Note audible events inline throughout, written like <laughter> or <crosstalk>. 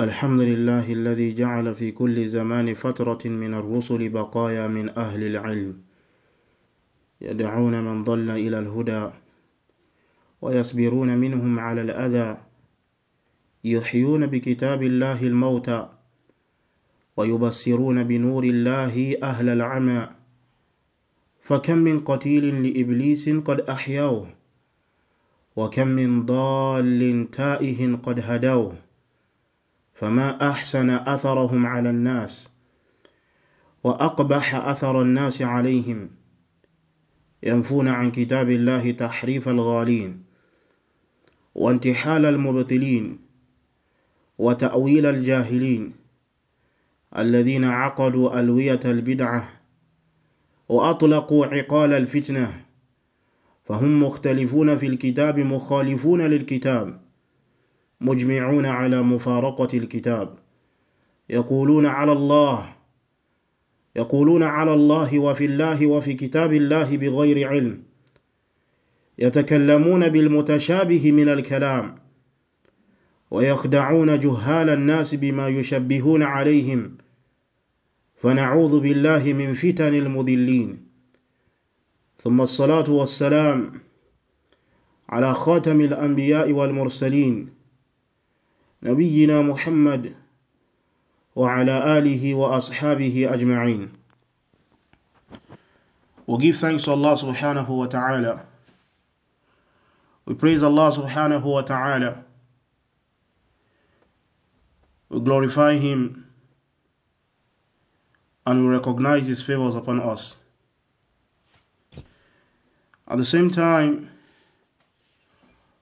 الحمد لله الذي جعل في كل زمان فترة من الرسل بقايا من أهل العلم يدعون من ضل إلى الهدى ويصبرون منهم على الأذى يحيون بكتاب الله الموتى ويبصرون بنور الله أهل العمى فكم من قتيل لإبليس قد أحيوه وكم من ضال تائه قد هدوه فما أحسن أثرهم على الناس وأقبح أثر الناس عليهم ينفون عن كتاب الله تحريف الغالين وانتحال المبطلين وتأويل الجاهلين الذين عقدوا ألوية البدعة وأطلقوا عقال الفتنة فهم مختلفون في الكتاب مخالفون للكتاب مجمعون على مفارقة الكتاب يقولون على الله يقولون على الله وفي الله وفي كتاب الله بغير علم يتكلمون بالمتشابه من الكلام ويخدعون جهال الناس بما يشبهون عليهم فنعوذ بالله من فتن المذلين ثم الصلاة والسلام على خاتم الأنبياء والمرسلين نبينا محمد وعلى آله وأصحابه أجمعين We give thanks to Allah subhanahu wa ta'ala. We praise Allah subhanahu wa ta'ala. We glorify Him and we recognize His favors upon us. At the same time,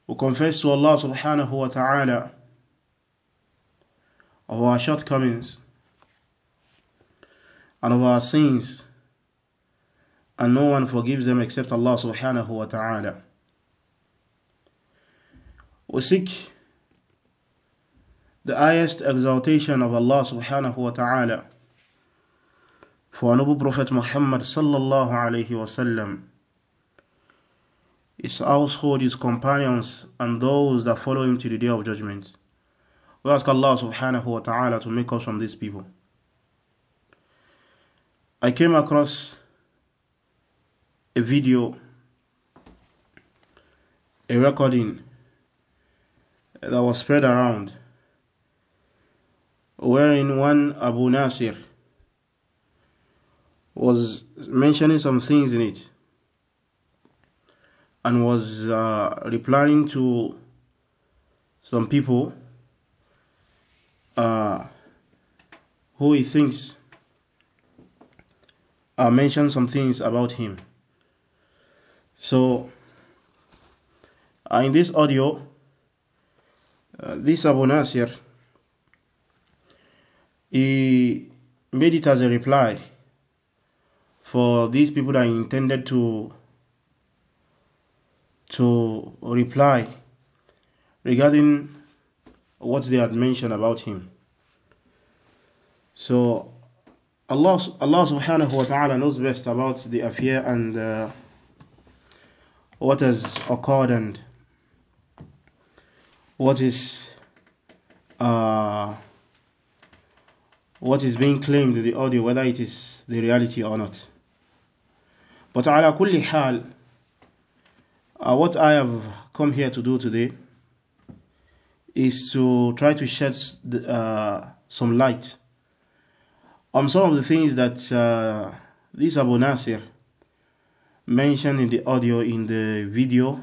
we confess to Allah subhanahu wa ta'ala of our shortcomings and of our sins and no one forgives them except Allah subhanahu wa ta'ala we seek the highest exaltation of Allah subhanahu wa ta'ala for noble prophet Muhammad sallallahu alayhi wasallam his household his companions and those that follow him to the day of judgment we ask Allah subhanahu wa ta'ala to make us from these people. I came across a video, a recording that was spread around wherein one Abu Nasir was mentioning some things in it and was uh, replying to some people uh, who he thinks uh, mentioned some things about him. So, uh, in this audio, uh, this Abu Nasir, he made it as a reply for these people that intended to to reply regarding what they had mentioned about him. So Allah, Allah subhanahu wa ta'ala knows best about the affair and uh, what has occurred and what is uh, what is being claimed in the audio, whether it is the reality or not. But ala kulli hal, uh, what I have come here to do today is to try to shed the, uh, some light on some of the things that uh, this Abu Nasir mentioned in the audio, in the video,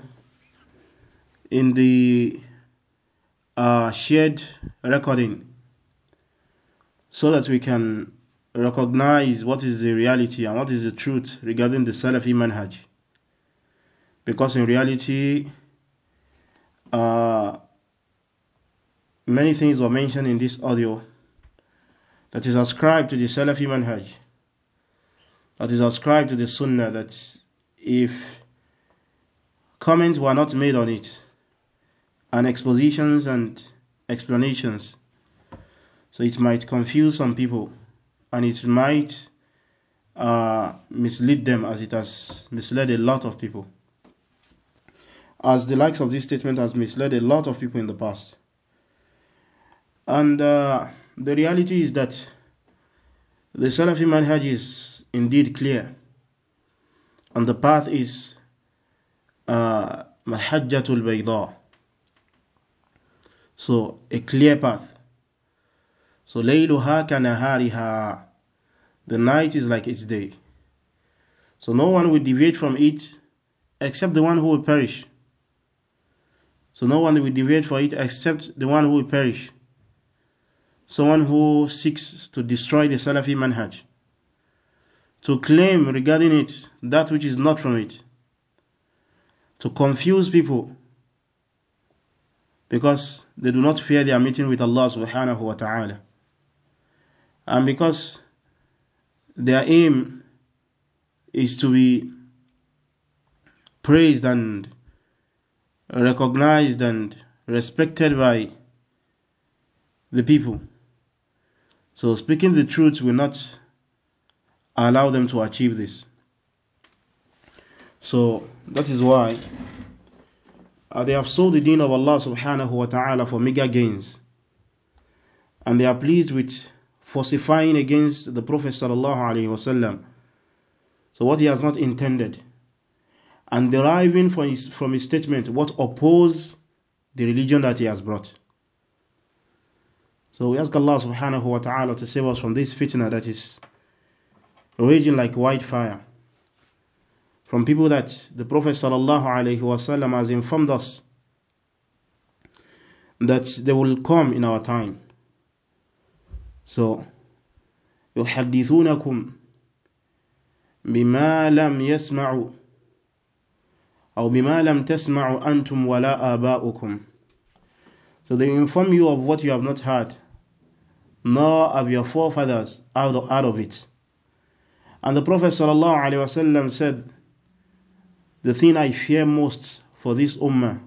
in the uh, shared recording, so that we can recognize what is the reality and what is the truth regarding the Salafi manhaj. Because in reality, uh, Many things were mentioned in this audio that is ascribed to the Salafi manhaj, that is ascribed to the Sunnah, that if comments were not made on it, and expositions and explanations, so it might confuse some people and it might uh, mislead them as it has misled a lot of people. As the likes of this statement has misled a lot of people in the past. And uh, the reality is that the Salafi manhaj is indeed clear. And the path is Mahajjatul uh, Bayda. So, a clear path. So, Layluha kanahariha. The night is like its day. So, no one will deviate from it except the one who will perish. So, no one will deviate from it except the one who will perish someone who seeks to destroy the Salafi manhaj, to claim regarding it that which is not from it, to confuse people because they do not fear their meeting with Allah subhanahu wa ta'ala. And because their aim is to be praised and recognized and respected by the people. So speaking the truth will not allow them to achieve this. So that is why uh, they have sold the deen of Allah subhanahu wa ta'ala for mega gains. And they are pleased with falsifying against the Prophet sallallahu alaihi wasallam. So what he has not intended. And deriving from his, from his statement what oppose the religion that he has brought. So we ask Allah subhanahu wa ta'ala to save us from this fitna that is raging like wildfire. From people that the Prophet sallallahu alayhi wasallam has informed us that they will come in our time. So يحدثونكم بما لم يسمعوا أو بما لم تسمعوا أنتم ولا آباؤكم So they inform you of what you have not heard nor of your forefathers out of, out of it. And the Prophet ﷺ said, The thing I fear most for this ummah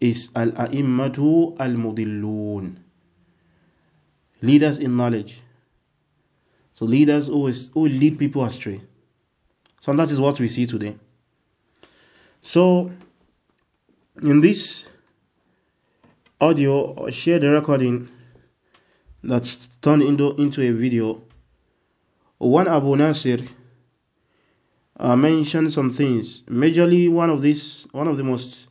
is al aimmatu al mudilloon leaders in knowledge so leaders always who lead people astray so that is what we see today so in this audio share the recording that's turned into, into a video. One Abu Nasir uh, mentioned some things. Majorly, one of these, one of the most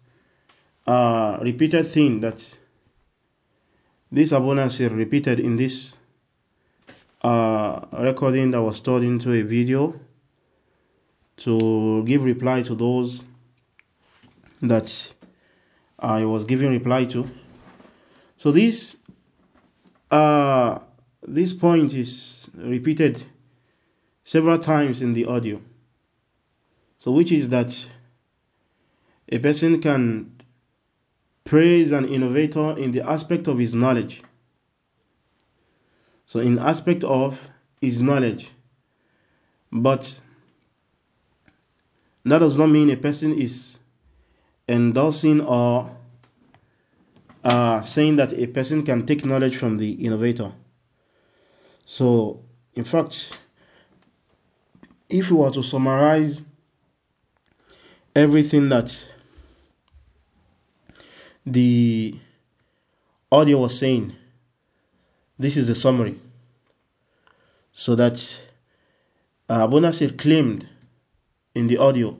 uh, repeated thing that this Abu Nasir repeated in this uh, recording that was stored into a video to give reply to those that I was giving reply to. So this uh, this point is repeated several times in the audio. So, which is that a person can praise an innovator in the aspect of his knowledge. So, in aspect of his knowledge, but that does not mean a person is endorsing or uh, saying that a person can take knowledge from the innovator. So, in fact, if we were to summarize everything that the audio was saying, this is a summary. So that uh, Abu Nasir claimed in the audio,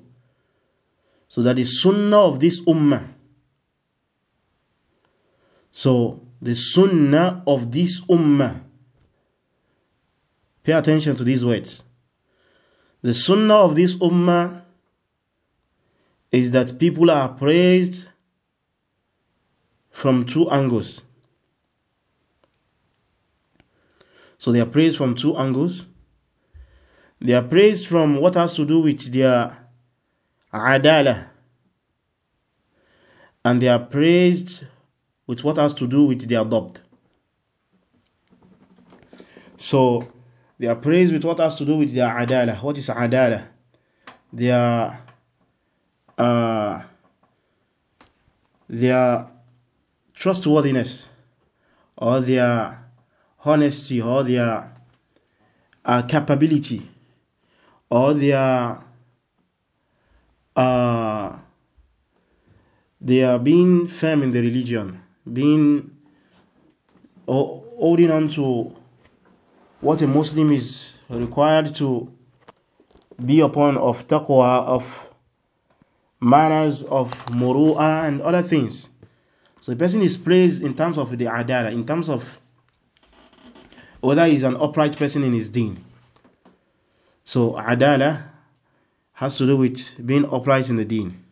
so that the sunnah of this ummah so the sunnah of this ummah. Pay attention to these words. The sunnah of this ummah is that people are praised from two angles. So they are praised from two angles. They are praised from what has to do with their adala. And they are praised with what has to do with their adopt. So they are praised with what has to do with their adala. What is adalah? Their uh, their trustworthiness or their honesty or their uh, capability or their uh, they are being firm in the religion being or holding on to what a Muslim is required to be upon of taqwa, of manners, of muru'ah and other things. So the person is praised in terms of the adala, in terms of whether he's an upright person in his deen. So adala has to do with being upright in the deen.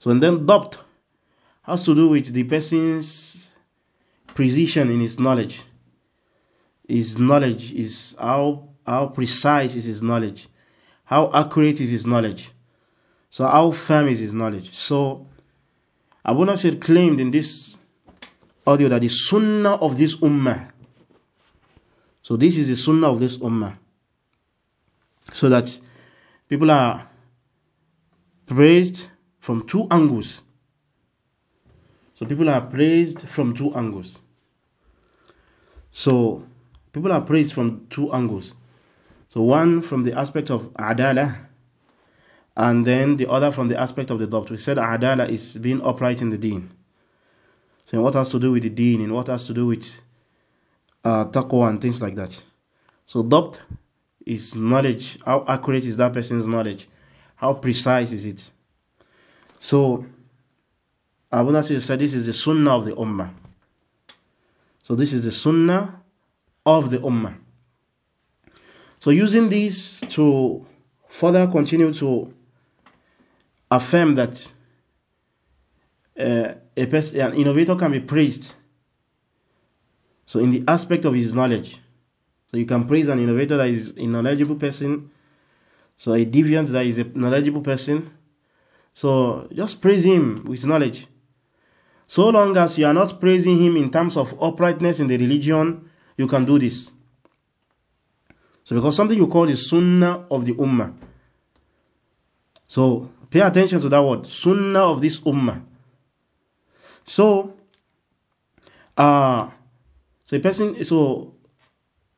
So and then dabt has to do with the person's precision in his knowledge. His knowledge is how how precise is his knowledge, how accurate is his knowledge, so how firm is his knowledge. So Abu Nasir claimed in this audio that the sunnah of this ummah. So this is the sunnah of this ummah. So that people are praised from two angles so people are praised from two angles. So people are praised from two angles. So one from the aspect of adala, and then the other from the aspect of the doubt. We said adala is being upright in the deen. So what has to do with the deen, and what has to do with uh, taqwa and things like that. So doubt is knowledge. How accurate is that person's knowledge? How precise is it? So Abu Nasir said this is the sunnah of the ummah. So this is the sunnah of the ummah. So using these to further continue to affirm that uh, a person, an innovator can be praised. So in the aspect of his knowledge. So you can praise an innovator that is a knowledgeable person. So a deviant that is a knowledgeable person. So just praise him with knowledge. So long as you are not praising him in terms of uprightness in the religion, you can do this. So because something you call the sunnah of the ummah. So pay attention to that word, sunnah of this ummah. So, uh, so a person, so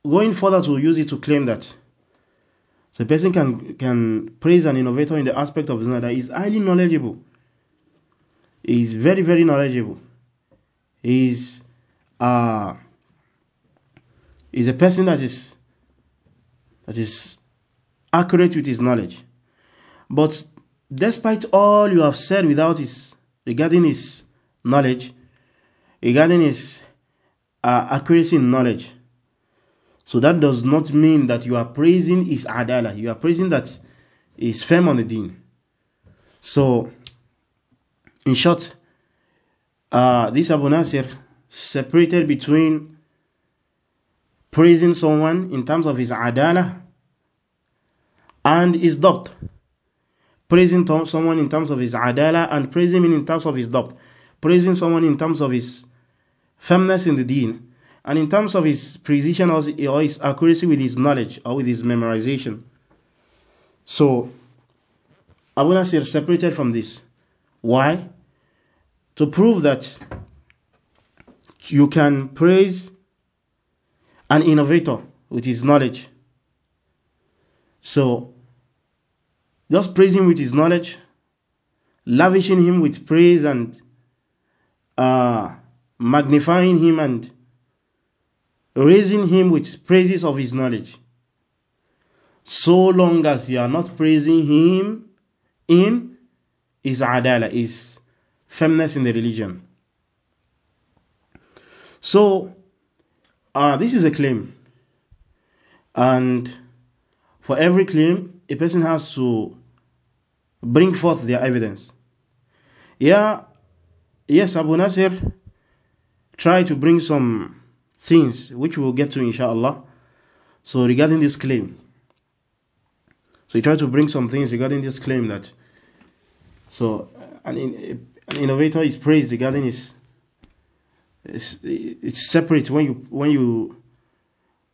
going further to use it to claim that. So a person can, can praise an innovator in the aspect of Sunnah that is highly knowledgeable He's very, very knowledgeable. He's uh he's a person that is that is accurate with his knowledge. But despite all you have said without his regarding his knowledge, regarding his uh, accuracy in knowledge. So that does not mean that you are praising his adala. You are praising that firm on the deen. So in short, uh, this Abu Nasir separated between praising someone in terms of his adala and his doubt. Praising someone in terms of his adala and praising him in terms of his doubt. Praising someone in terms of his firmness in the deen and in terms of his precision or his accuracy with his knowledge or with his memorization. So, Abu Nasir separated from this. Why? To prove that you can praise an innovator with his knowledge. So, just praising with his knowledge, lavishing him with praise and uh, magnifying him and raising him with praises of his knowledge. So long as you are not praising him in is adala, is firmness in the religion. So, uh, this is a claim. And for every claim, a person has to bring forth their evidence. Yeah, yes, Abu Nasir try to bring some things which we'll get to, inshallah. So, regarding this claim, so he tried to bring some things regarding this claim that so, an, an innovator is praised regarding his. It's, it's separate when you when you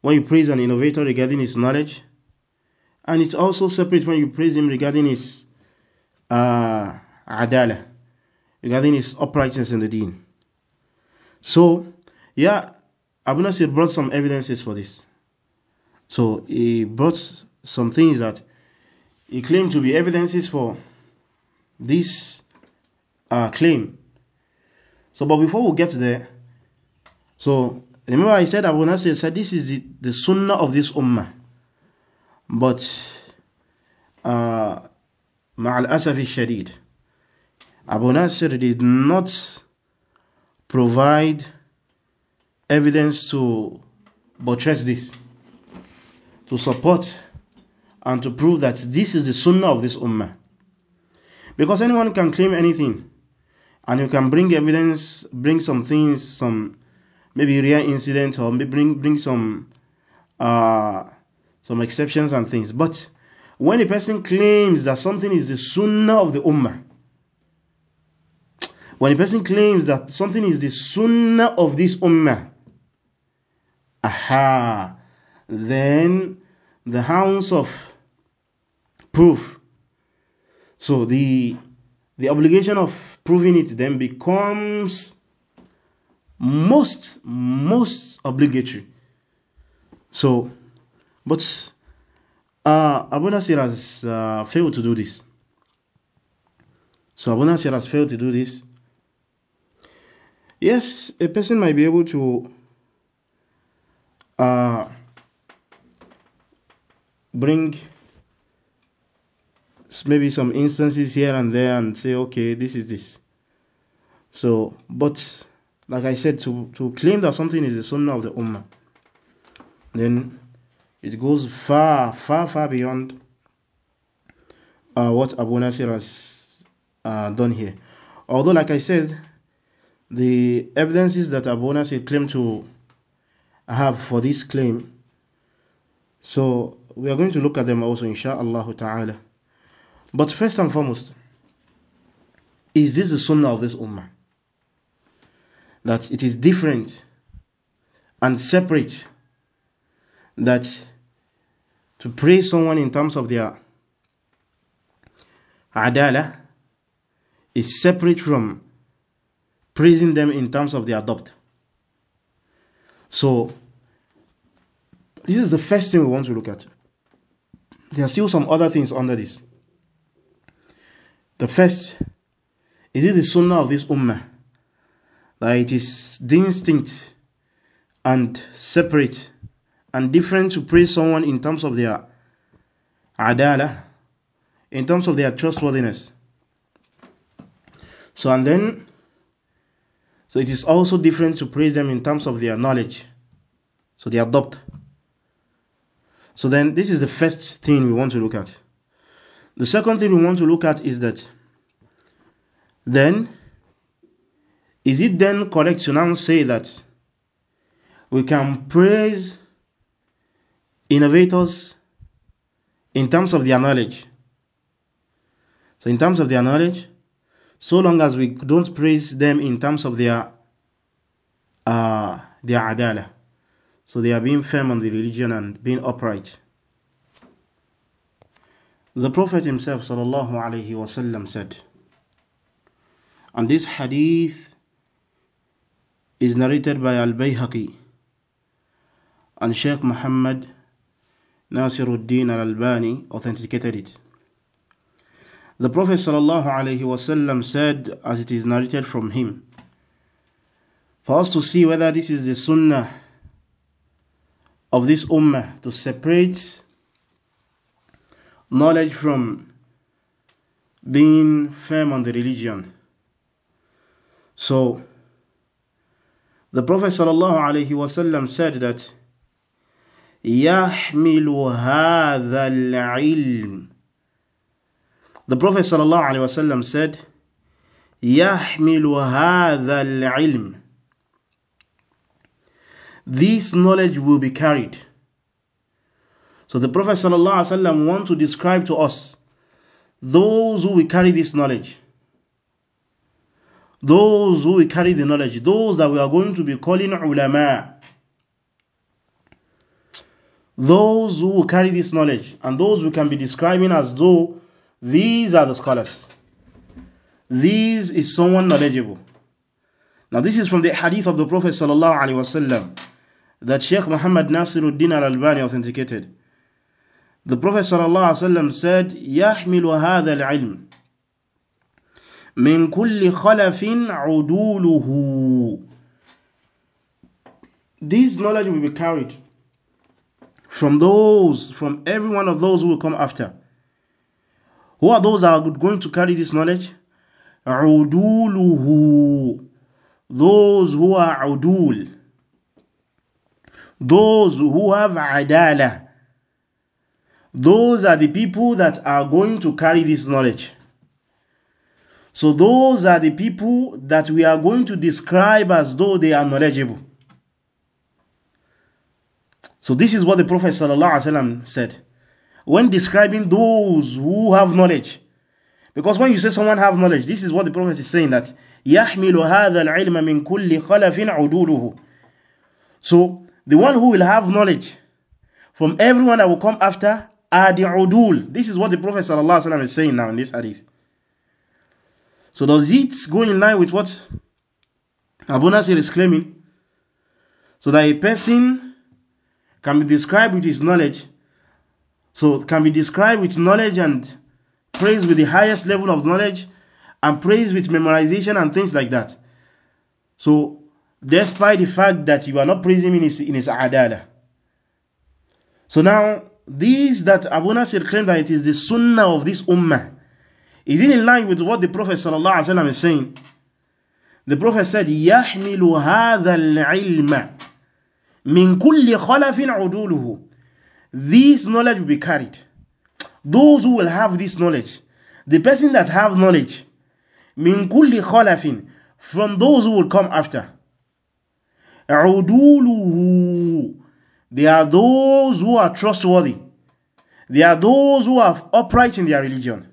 when you praise an innovator regarding his knowledge, and it's also separate when you praise him regarding his uh, adala, regarding his uprightness in the deen. So, yeah, Abu Nasir brought some evidences for this. So he brought some things that he claimed to be evidences for this uh, claim. So, but before we get there, so remember I said Abu Nasir said this is the, the sunnah of this ummah. But uh, asafi Shadid, Abu Nasir did not provide evidence to buttress this, to support and to prove that this is the sunnah of this ummah. Because anyone can claim anything and you can bring evidence, bring some things, some maybe real incidents or maybe bring bring some uh some exceptions and things. But when a person claims that something is the sunnah of the ummah, when a person claims that something is the sunnah of this ummah, aha, then the hounds of proof so the the obligation of proving it then becomes most most obligatory. So, but uh, Abu Nasir has uh, failed to do this. So Abu Nasir has failed to do this. Yes, a person might be able to uh, bring maybe some instances here and there and say, okay, this is this. So, but like I said, to, to claim that something is the sunnah of the ummah, then it goes far, far, far beyond uh, what Abu Nasir has uh, done here. Although, like I said, the evidences that Abu Nasir claimed to have for this claim, so we are going to look at them also, insha'Allah ta'ala. But first and foremost, is this the sunnah of this ummah? That it is different and separate that to praise someone in terms of their adala is separate from praising them in terms of their adopt. So, this is the first thing we want to look at. There are still some other things under this. The first, is it the sunnah of this ummah that it is distinct and separate and different to praise someone in terms of their adala, in terms of their trustworthiness? So, and then, so it is also different to praise them in terms of their knowledge. So they adopt. So then, this is the first thing we want to look at. The second thing we want to look at is that then is it then correct to now say that we can praise innovators in terms of their knowledge? So, in terms of their knowledge, so long as we don't praise them in terms of their uh, their adala, so they are being firm on the religion and being upright. The Prophet himself sallallahu alaihi wasallam said, and this hadith is narrated by Al-Bayhaqi and Sheikh Muhammad Nasiruddin Al-Albani authenticated it. The Prophet sallallahu alaihi wasallam said as it is narrated from him for us to see whether this is the sunnah of this ummah to separate knowledge from being firm on the religion. So, the Prophet ﷺ said that يحمل هذا العلم The Prophet ﷺ said يحمل هذا العلم This knowledge will be carried so the Prophet ﷺ want to describe to us those who we carry this knowledge. Those who we carry the knowledge. Those that we are going to be calling ulama. Those who carry this knowledge. And those we can be describing as though these are the scholars. These is someone knowledgeable. Now this is from the hadith of the Prophet ﷺ that Sheikh Muhammad Nasiruddin al-Albani authenticated. The Prophet ﷺ said, يَحْمِلُ هَذَا الْعِلْمِ مِنْ كُلِّ خَلَفٍ عُدُولُهُ This knowledge will be carried from those, from every one of those who will come after. Who are those that are going to carry this knowledge? عُدُولُهُ Those who are عدول. Those who have عدالة. Those are the people that are going to carry this knowledge. So, those are the people that we are going to describe as though they are knowledgeable. So, this is what the Prophet ﷺ said when describing those who have knowledge. Because when you say someone have knowledge, this is what the Prophet is saying that يَحْمِلُ هَذَا الْعِلْمَ مِنْ كُلِّ خَلَفٍ عُدُولُهُ So, the one who will have knowledge from everyone that will come after adi'udul. This is what the Prophet is saying now in this hadith. So does it go in line with what Abu Nasir is claiming? So that a person can be described with his knowledge, so can be described with knowledge and praise with the highest level of knowledge and praise with memorization and things like that. So despite the fact that you are not praising him in his, in his So now this that Abu Nasir claimed that it is the sunnah of this ummah. Is it in line with what the Prophet wasallam is saying? The Prophet said, يَحْمِلُ هَذَا الْعِلْمَ مِنْ كُلِّ خَلَفٍ عُدُولُهُ This knowledge will be carried. Those who will have this knowledge, the person that have knowledge, مِنْ كُلِّ خَلَفٍ From those who will come after. عُدُولُهُ they are those who are trustworthy. They are those who are upright in their religion.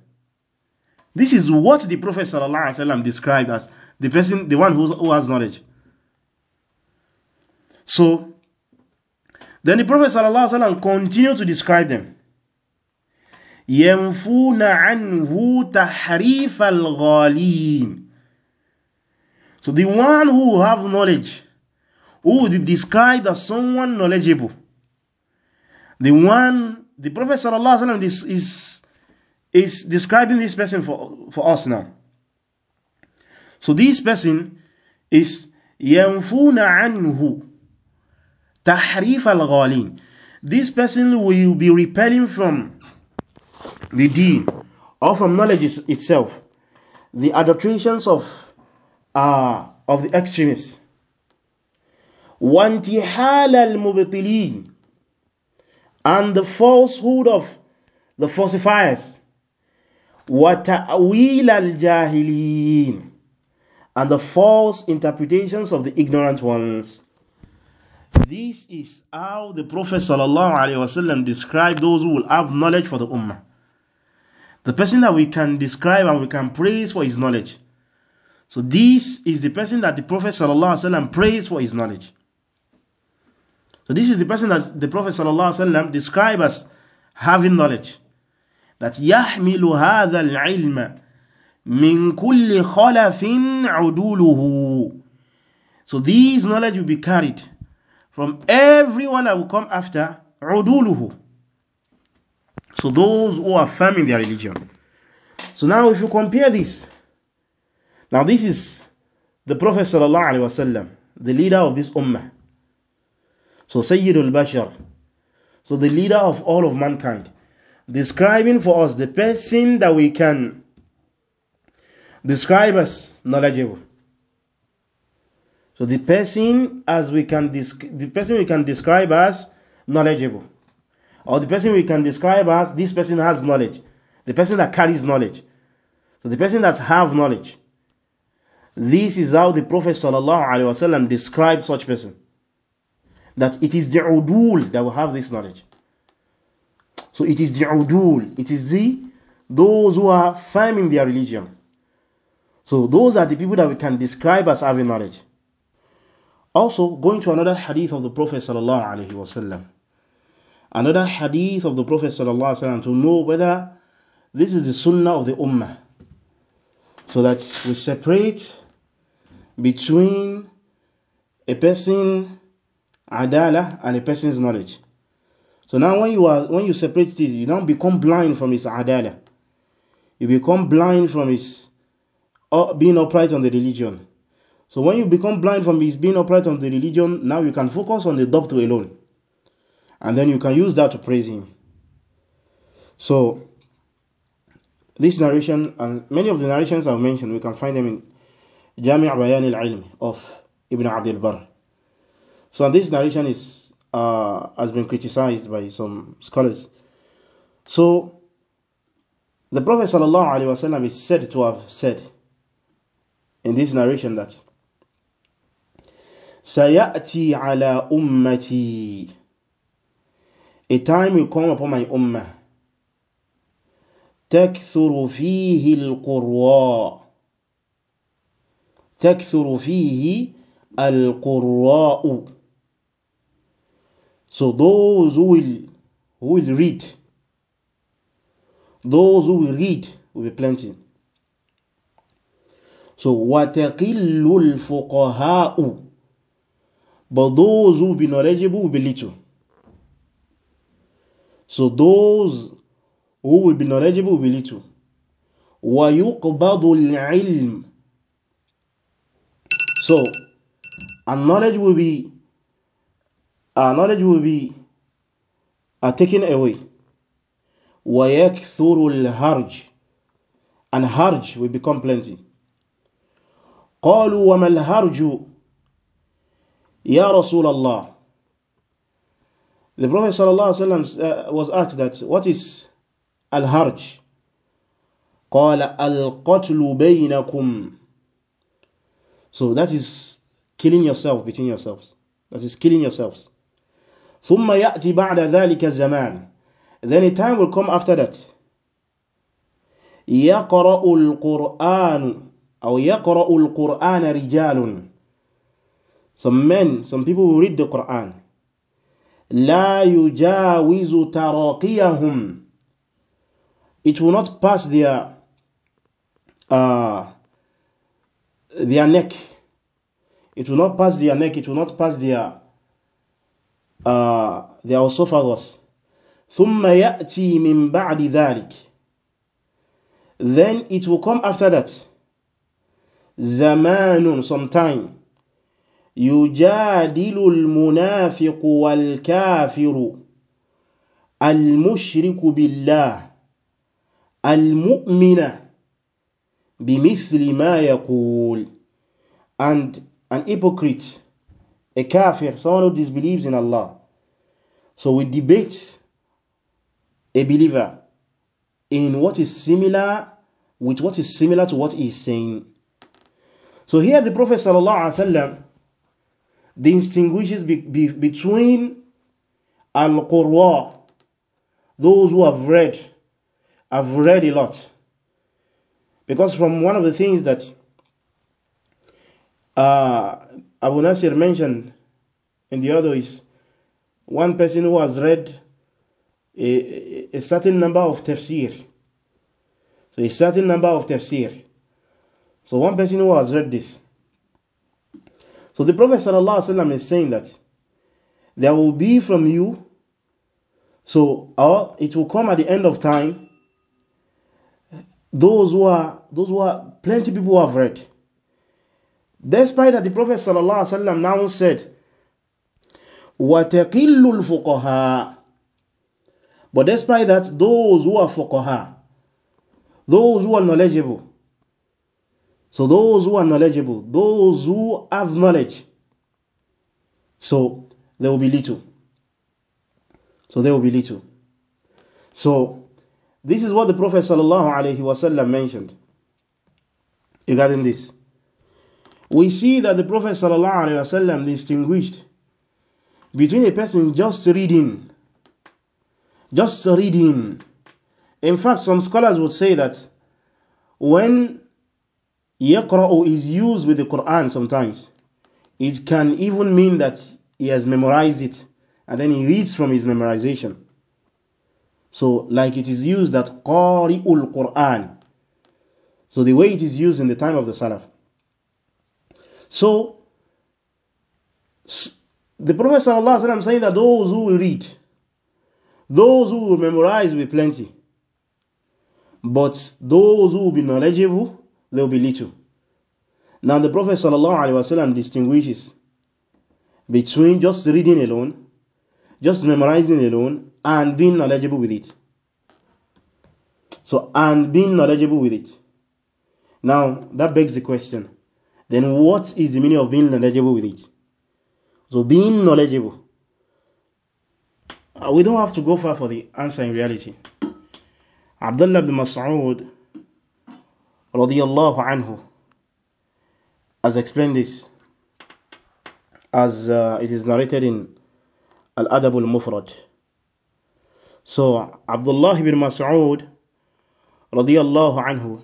This is what the Prophet ﷺ described as the person, the one who has knowledge. So, then the Prophet ﷺ continued to describe them. يَنْفُونَ عَنْهُ تَحْرِيفَ الْغَالِينَ So the one who have knowledge, who would be described as someone knowledgeable. The one, the Prophet is, is, is describing this person for, for us now. So this person is ينفون عنه تحريف الغالين. This person will be repelling from the deen or from knowledge itself the adulterations of, uh, of the extremists. وَانْتِحَالَ الْمُبْطِلِينَ And the falsehood of the falsifiers. وَتَأْوِيلَ الْجَاهِلِينَ And the false interpretations of the ignorant ones. This is how the Prophet sallallahu alaihi wasallam described those who will have knowledge for the Ummah. The person that we can describe and we can praise for his knowledge. So this is the person that the Prophet sallallahu alaihi wasallam praised for his knowledge. So this is the person that the Prophet ﷺ described as having knowledge. That يَحْمِلُ هَذَا الْعِلْمَ مِنْ كُلِّ خَلَفٍ عُدُولُهُ So this knowledge will be carried from everyone that will come after عُدُولُهُ So those who are firm in their religion. So now if you compare this, now this is the Prophet ﷺ, the leader of this ummah. So Sayyidul Bashar, so the leader of all of mankind, describing for us the person that we can describe as knowledgeable. So the person as we can the person we can describe as knowledgeable, or the person we can describe as this person has knowledge, the person that carries knowledge, so the person that have knowledge. This is how the Prophet sallallahu alaihi wasallam described such person that it is the udul that will have this knowledge. So it is the udul, it is the those who are firm in their religion. So those are the people that we can describe as having knowledge. Also, going to another hadith of the Prophet sallallahu alaihi wasallam. Another hadith of the Prophet sallallahu alaihi wasallam to know whether this is the sunnah of the ummah. So that we separate between a person adala and a person's knowledge. So now when you are when you separate these, you don't become blind from his adala. You become blind from his uh, being upright on the religion. So when you become blind from his being upright on the religion, now you can focus on the doctor alone. And then you can use that to praise him. So this narration and many of the narrations I've mentioned, we can find them in Jami' Bayan al-Ilm of Ibn al Barr. So this narration is uh, has been criticized by some scholars. So the Prophet ﷺ is said to have said in this narration that Sayati ala ummati A time will come upon my ummah al فيه القراء تكثر al القراء so those who will who will read, those who will read will be plenty. So وَتَقِلُّ الْفُقَهَاءُ But those who will be knowledgeable will be little. So those who will be knowledgeable will be little. وَيُقْبَضُ الْعِلْمُ So, a knowledge will be our knowledge will be uh, taken away. وَيَكْثُرُ الْهَرْجِ And harj will become plenty. قَالُوا وَمَا الْهَرْجُ يَا رَسُولَ اللَّهِ The Prophet ﷺ uh, was asked that, what is al-harj? قَالَ الْقَتْلُ بَيْنَكُمْ So that is killing yourself between yourselves. That is killing yourselves. ثم يأتي بعد ذلك الزمان then a time will come after that يقرأ القرآن أو يقرأ القرآن رجال some men some people who read the Quran لا يجاوز تراقيهم it will not pass their uh, their neck it will not pass their neck it will not pass their uh, they are also fathers ثم يأتي من بعد ذلك then it will come after that زمان sometime يجادل المنافق والكافر المشرك بالله المؤمن بمثل ما يقول and an hypocrite a kafir, someone who disbelieves in Allah. So we debate a believer in what is similar with what is similar to what he is saying. So here the Prophet ﷺ distinguishes be, be, between al-qurwa, those who have read, have read a lot. Because from one of the things that uh, Abu Nasir mentioned in the other is one person who has read a, a certain number of tafsir. So a certain number of tafsir. So one person who has read this. So the Prophet ﷺ is saying that there will be from you, so or it will come at the end of time, those who are those who are plenty people who have read. Despite that the Prophet sallallahu wasallam now said, وَتَقِلُّ الْفُقَهَاءُ But despite that, those who are fuqaha, those who are knowledgeable, so those who are knowledgeable, those who have knowledge, so there will be little. So there will be little. So this is what the Prophet ﷺ mentioned regarding this we see that the Prophet wasallam distinguished between a person just reading, just reading. In fact, some scholars would say that when yaqra'u is used with the Quran sometimes, it can even mean that he has memorized it and then he reads from his memorization. So, like it is used that qari'ul Quran. So, the way it is used in the time of the Salaf. So, the Prophet ﷺ saying that those who will read, those who will memorize will be plenty. But those who will be knowledgeable, they will be little. Now the Prophet ﷺ distinguishes between just reading alone, just memorizing alone, and being knowledgeable with it. So, and being knowledgeable with it. Now, that begs the question then what is the meaning of being knowledgeable with it? So being knowledgeable. Uh, we don't have to go far for the answer in reality. Abdullah bin Mas'ud radiyallahu anhu has explained this as uh, it is narrated in Al-Adab al-Mufrad. So Abdullah bin Mas'ud radiyallahu anhu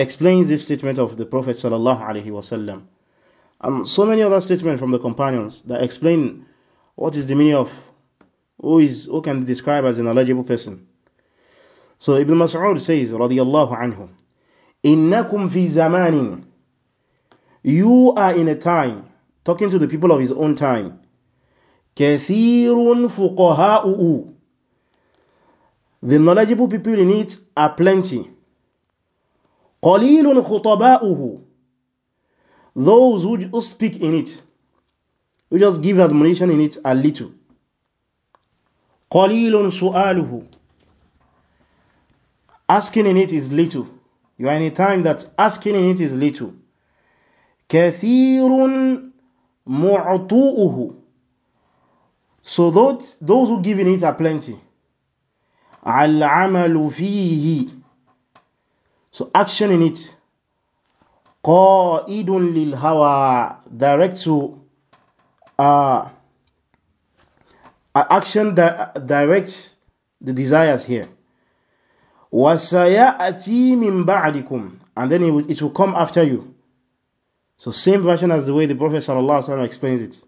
explains this statement of the Prophet sallallahu alaihi wasallam, and so many other statements from the companions that explain what is the meaning of who is who can be described as an eligible person. So Ibn Mas'ud says, radiyallahu anhu, innakum fi zamanin. You are in a time, talking to the people of his own time. Kathirun fuqaha'u. The knowledgeable people in it are plenty. قَلِيلٌ خُطَبَاؤُهُ Those who speak in it, who just give admonition in it, are little. قَلِيلٌ سُؤَالُهُ Asking in it is little. You are in a time that asking in it is little. كَثِيرٌ مُعْطُؤُهُ So those, those who give in it are plenty. العمل فيه So action in it. Qa'idun lil hawa. Direct to uh, action that directs the desires here. وَسَيَأْتِي مِن بَعْدِكُمْ And then it will, it will come after you. So same version as the way the Prophet sallallahu alaihi wasallam explains it.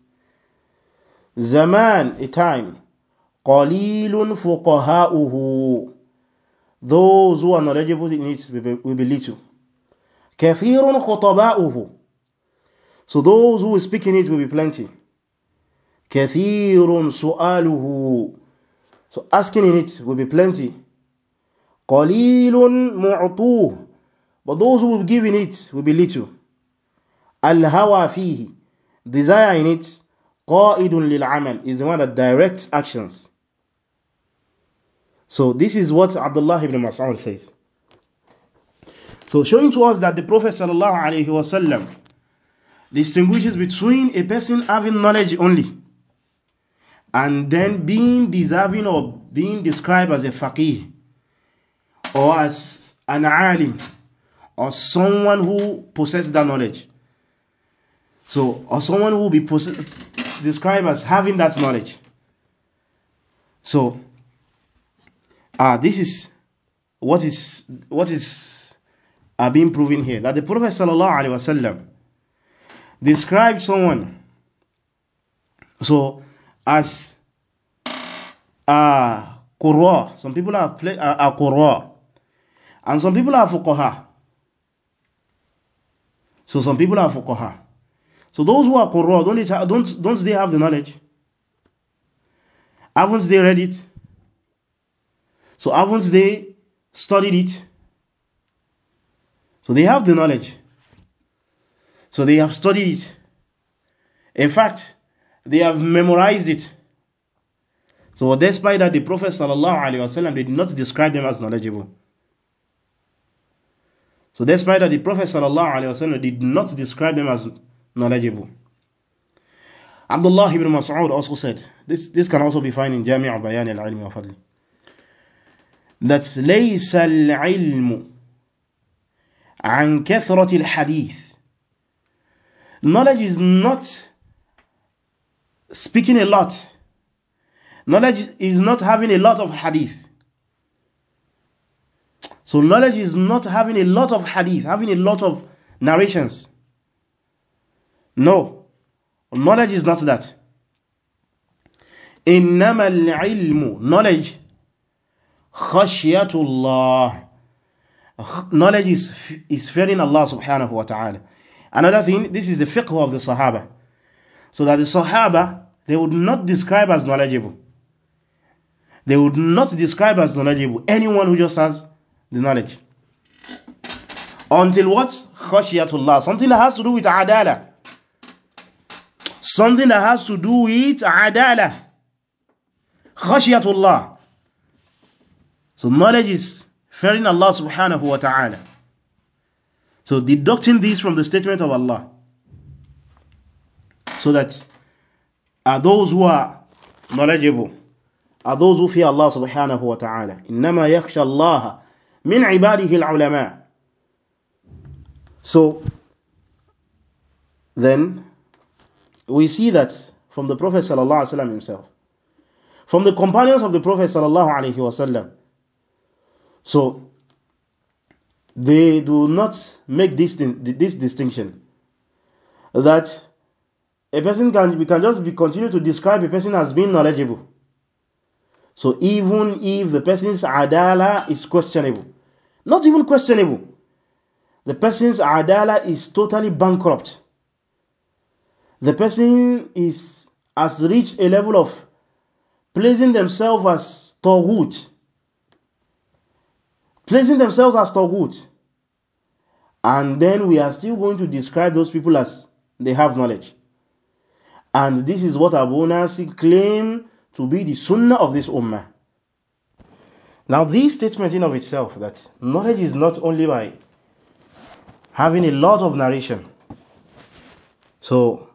Zaman, a time. قَلِيلٌ فُقَهَاؤُهُ those who are knowledgeable in it will be little. كَثِيرٌ خُطَبَاؤُهُ So those who speak in it will be plenty. كَثِيرٌ سُؤَالُهُ So asking in it will be plenty. قَلِيلٌ مُعْطُوهُ But those who will give in it will be little. الْهَوَى فِيهِ Desire in it قَائِدٌ لِلْعَمَلِ is the one that directs actions. So this is what Abdullah ibn Mas'ud says. So showing to us that the Prophet sallallahu alaihi wasallam distinguishes between a person having knowledge only and then being deserving or being described as a faqih or as an alim or someone who possesses that knowledge. So, or someone who will be described as having that knowledge. So, ah this is what is what is uh, being proven here that the prophet sallallahu alaihi wasallam describes someone so as uh qurra some people are play, uh, are and some people are fuqaha so some people are fuqaha so those who are qurra don't don't don't they have the knowledge haven't they read it so haven't they studied it? So they have the knowledge. So they have studied it. In fact, they have memorized it. So despite that, the Prophet ﷺ did not describe them as knowledgeable. So despite that, the Prophet ﷺ did not describe them as knowledgeable. Abdullah ibn Mas'ud also said, this, this can also be found in Jami' al-Bayan al-Ilmi wa Fadli that لَيْسَ الْعِلْمُ عَنْ كَثْرَةِ الْحَدِيثِ Knowledge is not speaking a lot. Knowledge is not having a lot of hadith. So knowledge is not having a lot of hadith, having a lot of narrations. No. Knowledge is not that. إِنَّمَا الْعِلْمُ Knowledge khashyatullah knowledge is, is fearing Allah subhanahu wa ta'ala another thing this is the fiqh of the sahaba so that the sahaba they would not describe as knowledgeable they would not describe as knowledgeable anyone who just has the knowledge until what khashiyatullah something that has to do with adala something that has to do with adala khashiyatullah so knowledge is fearing Allah subhanahu wa ta'ala. So deducting these from the statement of Allah. So that are those who are knowledgeable, are those who fear Allah subhanahu wa ta'ala. إِنَّمَا يَخْشَى اللَّهَ مِنْ عِبَادِهِ الْعُلَمَاءِ So, then, we see that from the Prophet sallallahu alaihi wasallam himself. From the companions of the Prophet sallallahu alaihi wasallam, so they do not make this this distinction that a person can we can just be continue to describe a person as being knowledgeable. So even if the person's adala is questionable, not even questionable, the person's adala is totally bankrupt. The person is has reached a level of placing themselves as tawhut, placing themselves as Togut. And then we are still going to describe those people as they have knowledge. And this is what Abu Nasi claimed to be the sunnah of this ummah. Now, this statement in of itself that knowledge is not only by having a lot of narration. So,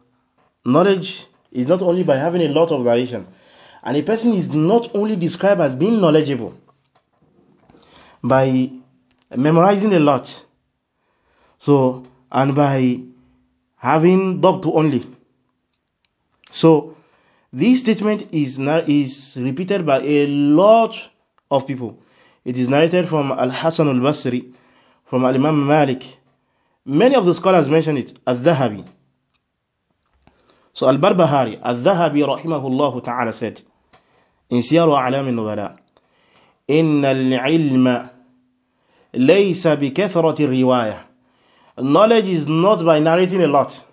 knowledge is not only by having a lot of narration. And a person is not only described as being knowledgeable, by memorizing a lot so and by having dabt only so this statement is is repeated by a lot of people it is narrated from al-hasan al-basri from al-imam malik many of the scholars mention it al-dhahabi so al-barbahari al-dhahabi rahimahullah ta'ala said in siyar wa alam al-nubala Al العلم لَيْسَ بِكَثْرَةِ الرِّوَايَةِ Knowledge is not by narrating a lot.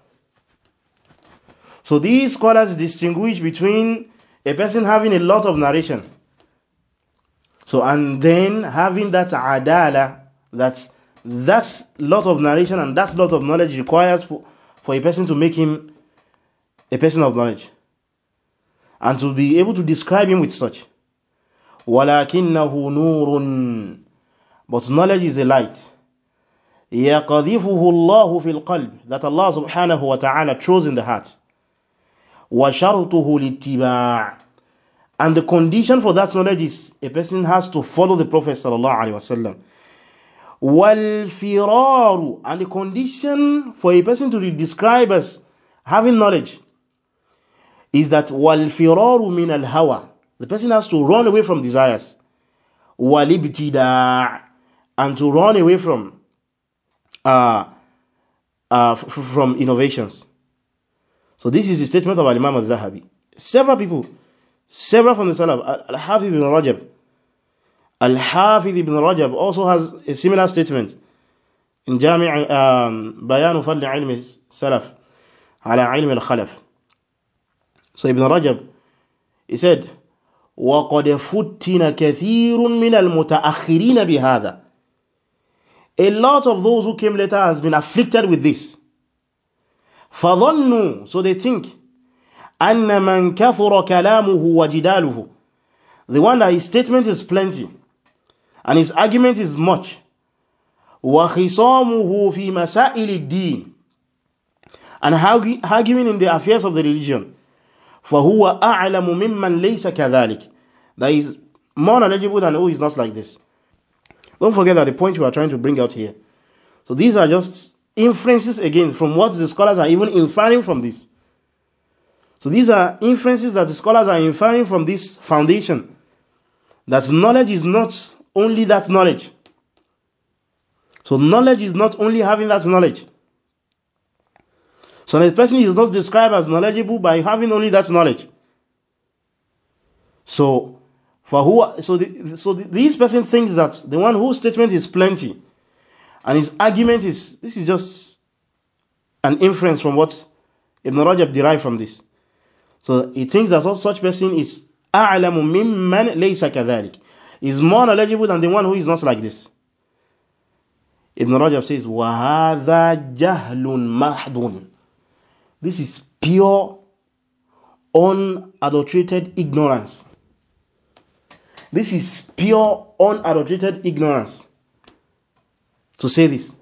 So these scholars distinguish between a person having a lot of narration. So and then having that adala, that that's lot of narration and that's lot of knowledge requires for, for a person to make him a person of knowledge and to be able to describe him with such. وَلَكِنَّهُ nurun. But knowledge is a light. يَقَذِفُهُ Allah fil qalb That Allah subhanahu wa ta'ala throws in the heart. وَشَرْطُهُ لِاتِّبَاعِ And the condition for that knowledge is a person has to follow the Prophet sallallahu alayhi wasallam. sallam. وَالْفِرَارُ And the condition for a person to be described as having knowledge is that وَالْفِرَارُ مِنَ الْهَوَى The person has to run away from desires. وَالْإِبْتِدَاعِ and to run away from uh, uh, from innovations. So this is the statement of imam al-Dhahabi. Several people, several from the Salaf, Al-Hafidh ibn Rajab, Al-Hafidh ibn Rajab also has a similar statement in Jami' um, Bayan Fadl Ilm Salaf ala Ilm al-Khalaf. So Ibn Rajab, he said, وَقَدْ فُتِّنَ كَثِيرٌ مِنَ الْمُتَأَخِّرِينَ بِهَذَا a lot of those who came later has been afflicted with this فظنوا so they think أن من كثر كلامه وجداله the one that his statement is plenty and his argument is much وخصامه في مسائل الدين and arguing in the affairs of the religion فهو أعلم ممن ليس كذلك that is more knowledgeable than who oh, is not like this don't forget that the point we are trying to bring out here. So these are just inferences again from what the scholars are even inferring from this. So these are inferences that the scholars are inferring from this foundation. That knowledge is not only that knowledge. So knowledge is not only having that knowledge. So the person is not described as knowledgeable by having only that knowledge. So for who so, the, so the, this person thinks that the one whose statement is plenty and his argument is this is just an inference from what Ibn Rajab derived from this. So he thinks that such person is أعلم ممن ليس كذلك is more knowledgeable than the one who is not like this. Ibn Rajab says وَهَذَا جَهْلٌ مَحْضٌ This is pure unadulterated ignorance. This is pure, unadulterated ignorance to say this.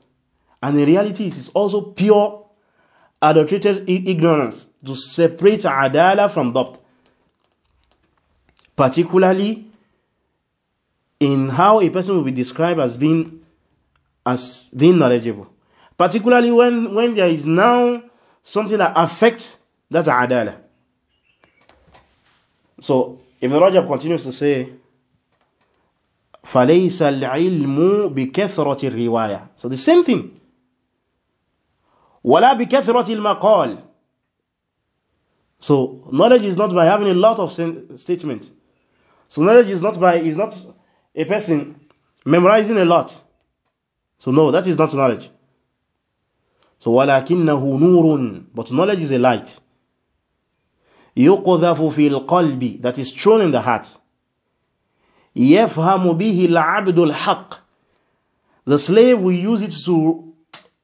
And in reality, it is also pure, adulterated ignorance to separate adala from doubt, Particularly in how a person will be described as being as being knowledgeable. Particularly when, when there is now something that affects that adala. So Ibn Rajab continues to say فليس العلم بكثرة الرواية so the same thing ولا بكثرة المقال so knowledge is not by having a lot of statements so knowledge is not by is not a person memorizing a lot so no that is not knowledge so ولكنه نور but knowledge is a light يقذف في القلب that is thrown in the heart يَفْهَمُ بِهِ الْحَقِّ The slave will use it to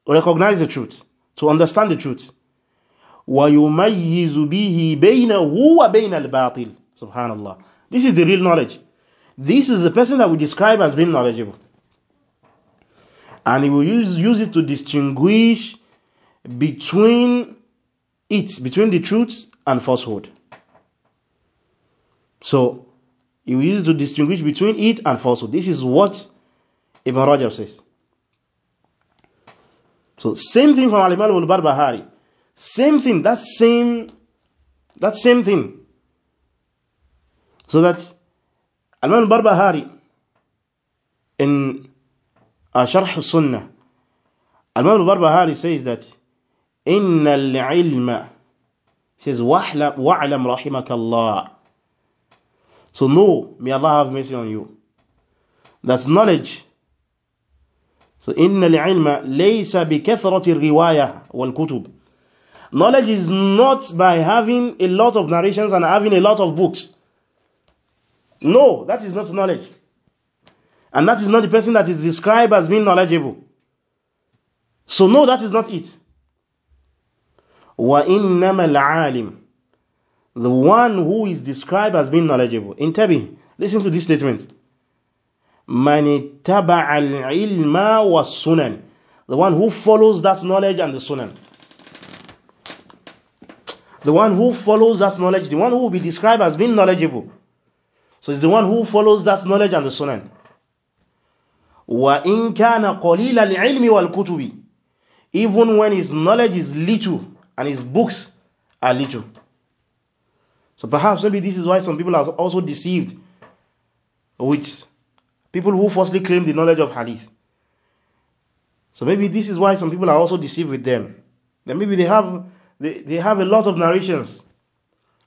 recognize the truth, to understand the truth. وَيُمَيِّزُ بِهِ بَيْنَهُ وَبَيْنَ الْبَاطِلِ Subhanallah. This is the real knowledge. This is the person that we describe as being knowledgeable. And he will use, use it to distinguish between it, between the truth and falsehood. So, he uses to distinguish between it and falsehood. This is what Ibn Roger says. So same thing from Al-Imam al-Barbahari. Same thing, that same, that same thing. So that Al-Imam al-Barbahari in uh, Sharh sunnah Al-Imam al-Barbahari says that إِنَّ الْعِلْمَ says وَعْلَمْ رَحِمَكَ اللَّهِ so know, may Allah have mercy on you. That's knowledge. So إن العلم ليس بكثرة الرواية والكتب Knowledge is not by having a lot of narrations and having a lot of books. No, that is not knowledge. And that is not the person that is described as being knowledgeable. So no, that is not it. وَإِنَّمَا الْعَالِمُ the one who is described as being knowledgeable. in Tabi, listen to this statement. Man al-ilma sunan. The one who follows that knowledge and the sunan. The one who follows that knowledge, the one who will be described as being knowledgeable. So it's the one who follows that knowledge and the sunan. وَإِن كَانَ قَلِيلَ الْعِلْمِ وَالْكُتُبِ Even when his knowledge is little and his books are little. So perhaps maybe this is why some people are also deceived with people who falsely claim the knowledge of hadith. So maybe this is why some people are also deceived with them. Then maybe they have they, they have a lot of narrations.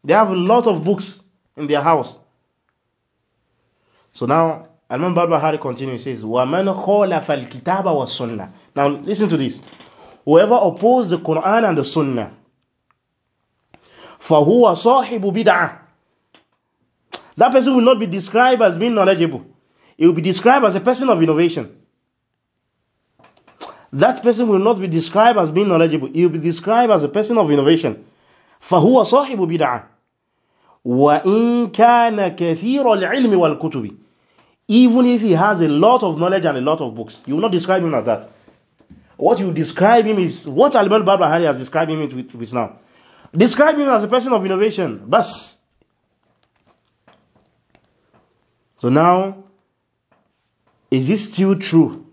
They have a lot of books in their house. So now Imam Barbahari continues, says, وَمَنْ خَالَفَ الْكِتَابَ sunnah. Now listen to this. Whoever opposes the Quran and the Sunnah, for who فَهُوَ صَاحِبُ بِدْعَةٍ That person will not be described as being knowledgeable. He will be described as a person of innovation. That person will not be described as being knowledgeable. He will be described as a person of innovation. Wa صَاحِبُ بِدْعَةٍ kathir al كَثِيرَ wal وَالْكُتُبِ Even if he has a lot of knowledge and a lot of books, you will not describe him as that. What you describe him is what Al-Mal Barbahari has described him with, with now. Describe him as a person of innovation. Bas. So now, is this still true?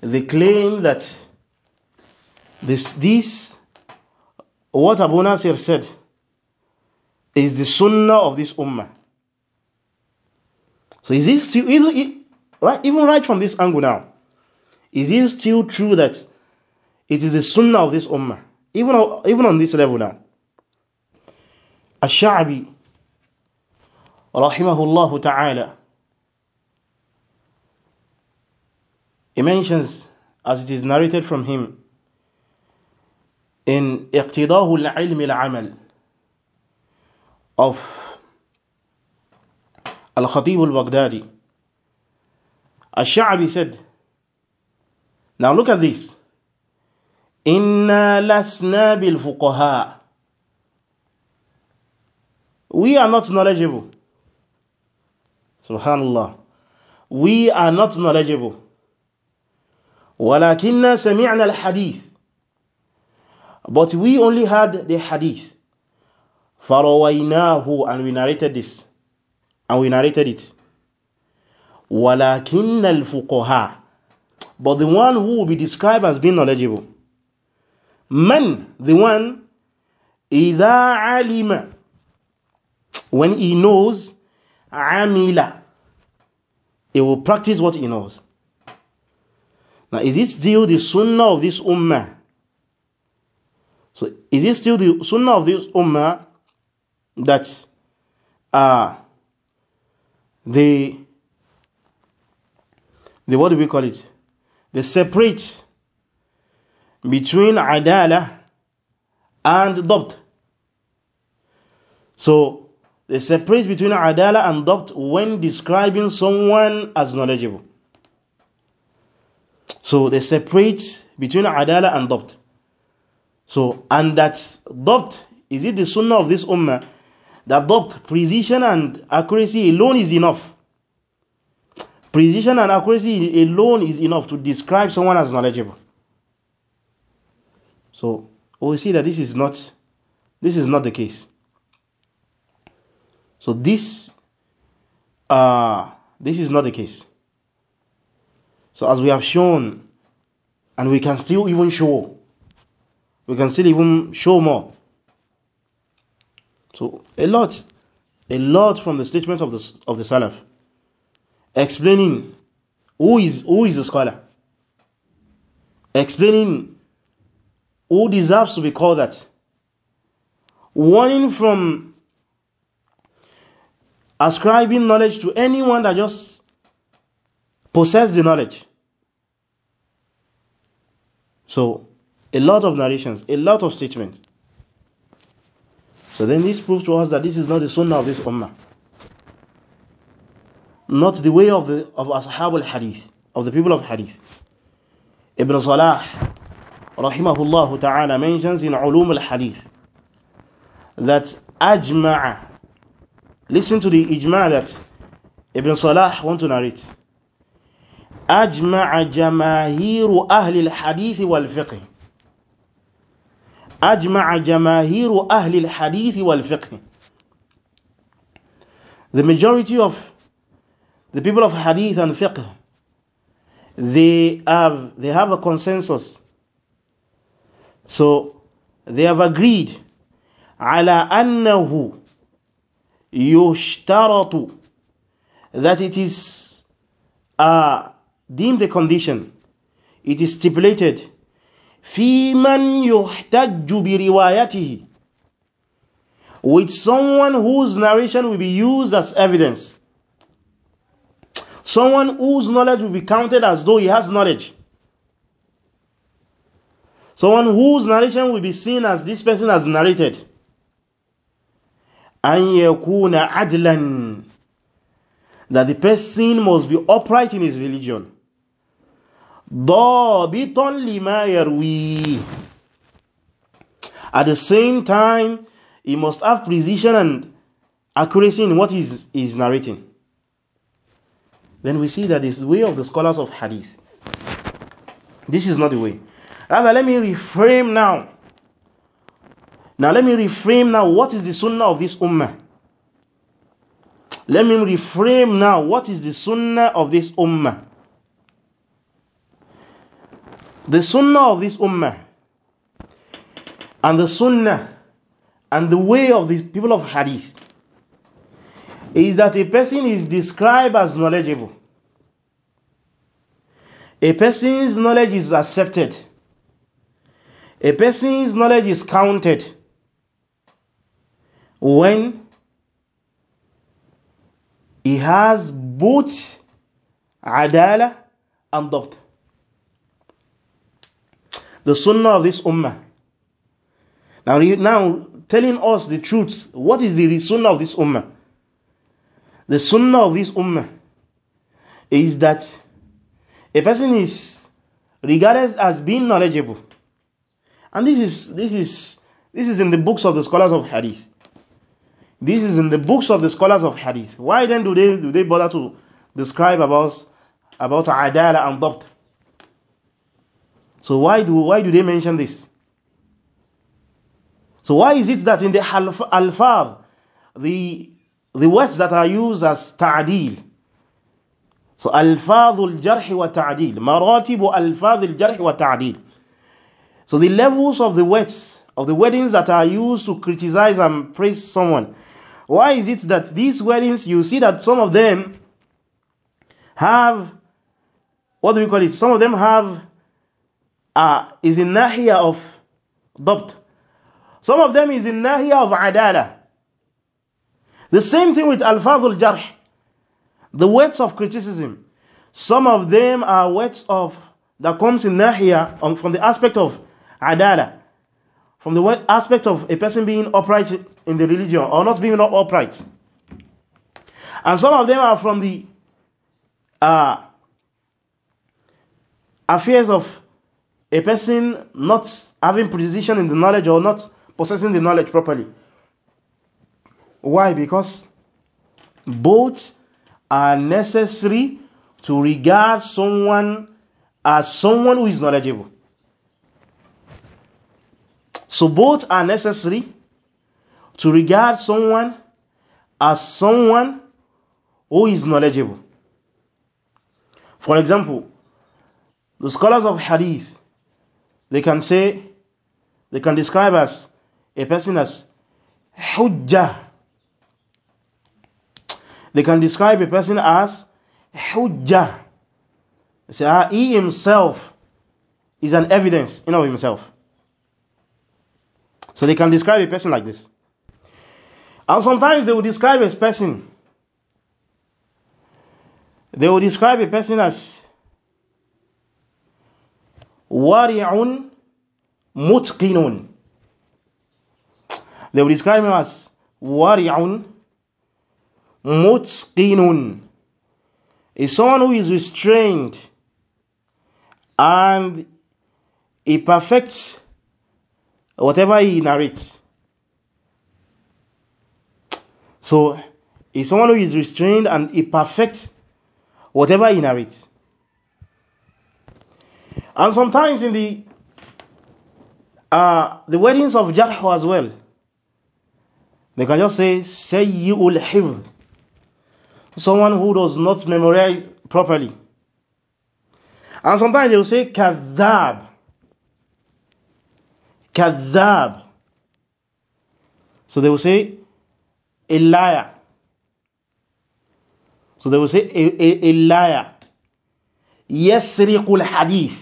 The claim that this, this what Abu Nasir said is the sunnah of this ummah. So is this still is right even right from this angle now? Is it still true that it is the sunnah of this ummah? even, even on this level now. Ash-Sha'bi, rahimahullah ta'ala, he mentions, as it is narrated from him, in اقتضاه العلم Amal of Al-Khatib al-Baghdadi. Ash-Sha'bi said, now look at this. إنا لسنا بالفقهاء We are not knowledgeable. Subhanallah. We are not knowledgeable. ولكننا سمعنا الحديث But we only had the hadith. فرويناه and we narrated this. And we narrated it. ولكن الفقهاء But the one who will be described as being knowledgeable Man, the one, إِذَا alima, When he knows, amila. He will practice what he knows. Now, is it still the sunnah of this ummah? So, is it still the sunnah of this ummah that uh, the, the, what do we call it? They separate between adala and dabt so they separate between adala and dabt when describing someone as knowledgeable so they separate between adala and dabt so and that dabt is it the sunnah of this ummah that dabt precision and accuracy alone is enough precision and accuracy alone is enough to describe someone as knowledgeable so we see that this is not this is not the case. So this uh this is not the case. So as we have shown, and we can still even show, we can still even show more. So a lot, a lot from the statement of the of the Salaf, explaining who is who is the scholar, explaining who deserves to be called that. Warning from ascribing knowledge to anyone that just possesses the knowledge. So, a lot of narrations, a lot of statements. So then this proves to us that this is not the sunnah of this ummah. Not the way of the of ashab al-hadith, of the people of hadith. Ibn Salah rahimahullah ta'ala mentions in ulum al-hadith that ajma'a listen to the ijma' that Ibn Salah want to narrate ajma'a jamaahiru ahli al-hadith wal-fiqh ajma'a jamaahiru ahli al-hadith wal-fiqh the majority of the people of hadith and fiqh they have they have a consensus so they have agreed على أنه يشترط that it is uh, deemed a condition it is stipulated في من يحتج بروايته with someone whose narration will be used as evidence someone whose knowledge will be counted as though he has knowledge Someone whose narration will be seen as this person has narrated. أن يكون adlan That the person must be upright in his religion. ضابطا lima يروي At the same time, he must have precision and accuracy in what is is narrating. Then we see that this way of the scholars of hadith. This is not the way. Rather, let me reframe now. Now, let me reframe now what is the sunnah of this ummah. Let me reframe now what is the sunnah of this ummah. The sunnah of this ummah and the sunnah and the way of the people of hadith is that a person is described as knowledgeable. A person's knowledge is accepted a person's knowledge is counted when he has both adala and dabt. The sunnah of this ummah. Now, now telling us the truth. What is the sunnah of this ummah? The sunnah of this ummah is that a person is regarded as being knowledgeable and this is this is this is in the books of the scholars of hadith. This is in the books of the scholars of hadith. Why then do they do they bother to describe about about adala and dabt? So why do why do they mention this? So why is it that in the alfaz the the words that are used as ta'dil so alfazul jarh wa ta'dil maratibu alfazul jarh wa ta'dil so the levels of the words of the weddings that are used to criticize and praise someone. Why is it that these weddings you see that some of them have what do we call it? Some of them have uh, is in nahia of dabt. Some of them is in nahia of adala. The same thing with al-fadhul jarh. The words of criticism. Some of them are words of that comes in nahia um, from the aspect of adala, from the aspect of a person being upright in the religion or not being upright. And some of them are from the uh, affairs of a person not having precision in the knowledge or not possessing the knowledge properly. Why? Because both are necessary to regard someone as someone who is knowledgeable. So both are necessary to regard someone as someone who is knowledgeable. For example, the scholars of hadith, they can say, they can describe as a person as hujjah. They can describe a person as hujjah. They say, ah, he himself is an evidence in of himself. So they can describe a person like this. And sometimes they will describe a person. They will describe a person as wari'un mutqinun. They will describe him as wari'un mutqinun. Is someone who is restrained and he perfects whatever he narrates. So he's someone who is restrained and he perfects whatever he narrates. And sometimes in the uh, the weddings of Jarh as well, they can just say say you will have someone who does not memorize properly. And sometimes they will say Kadhab, kadhab. So they will say, a liar. So they will say, a, a, a liar. Yasriqul hadith.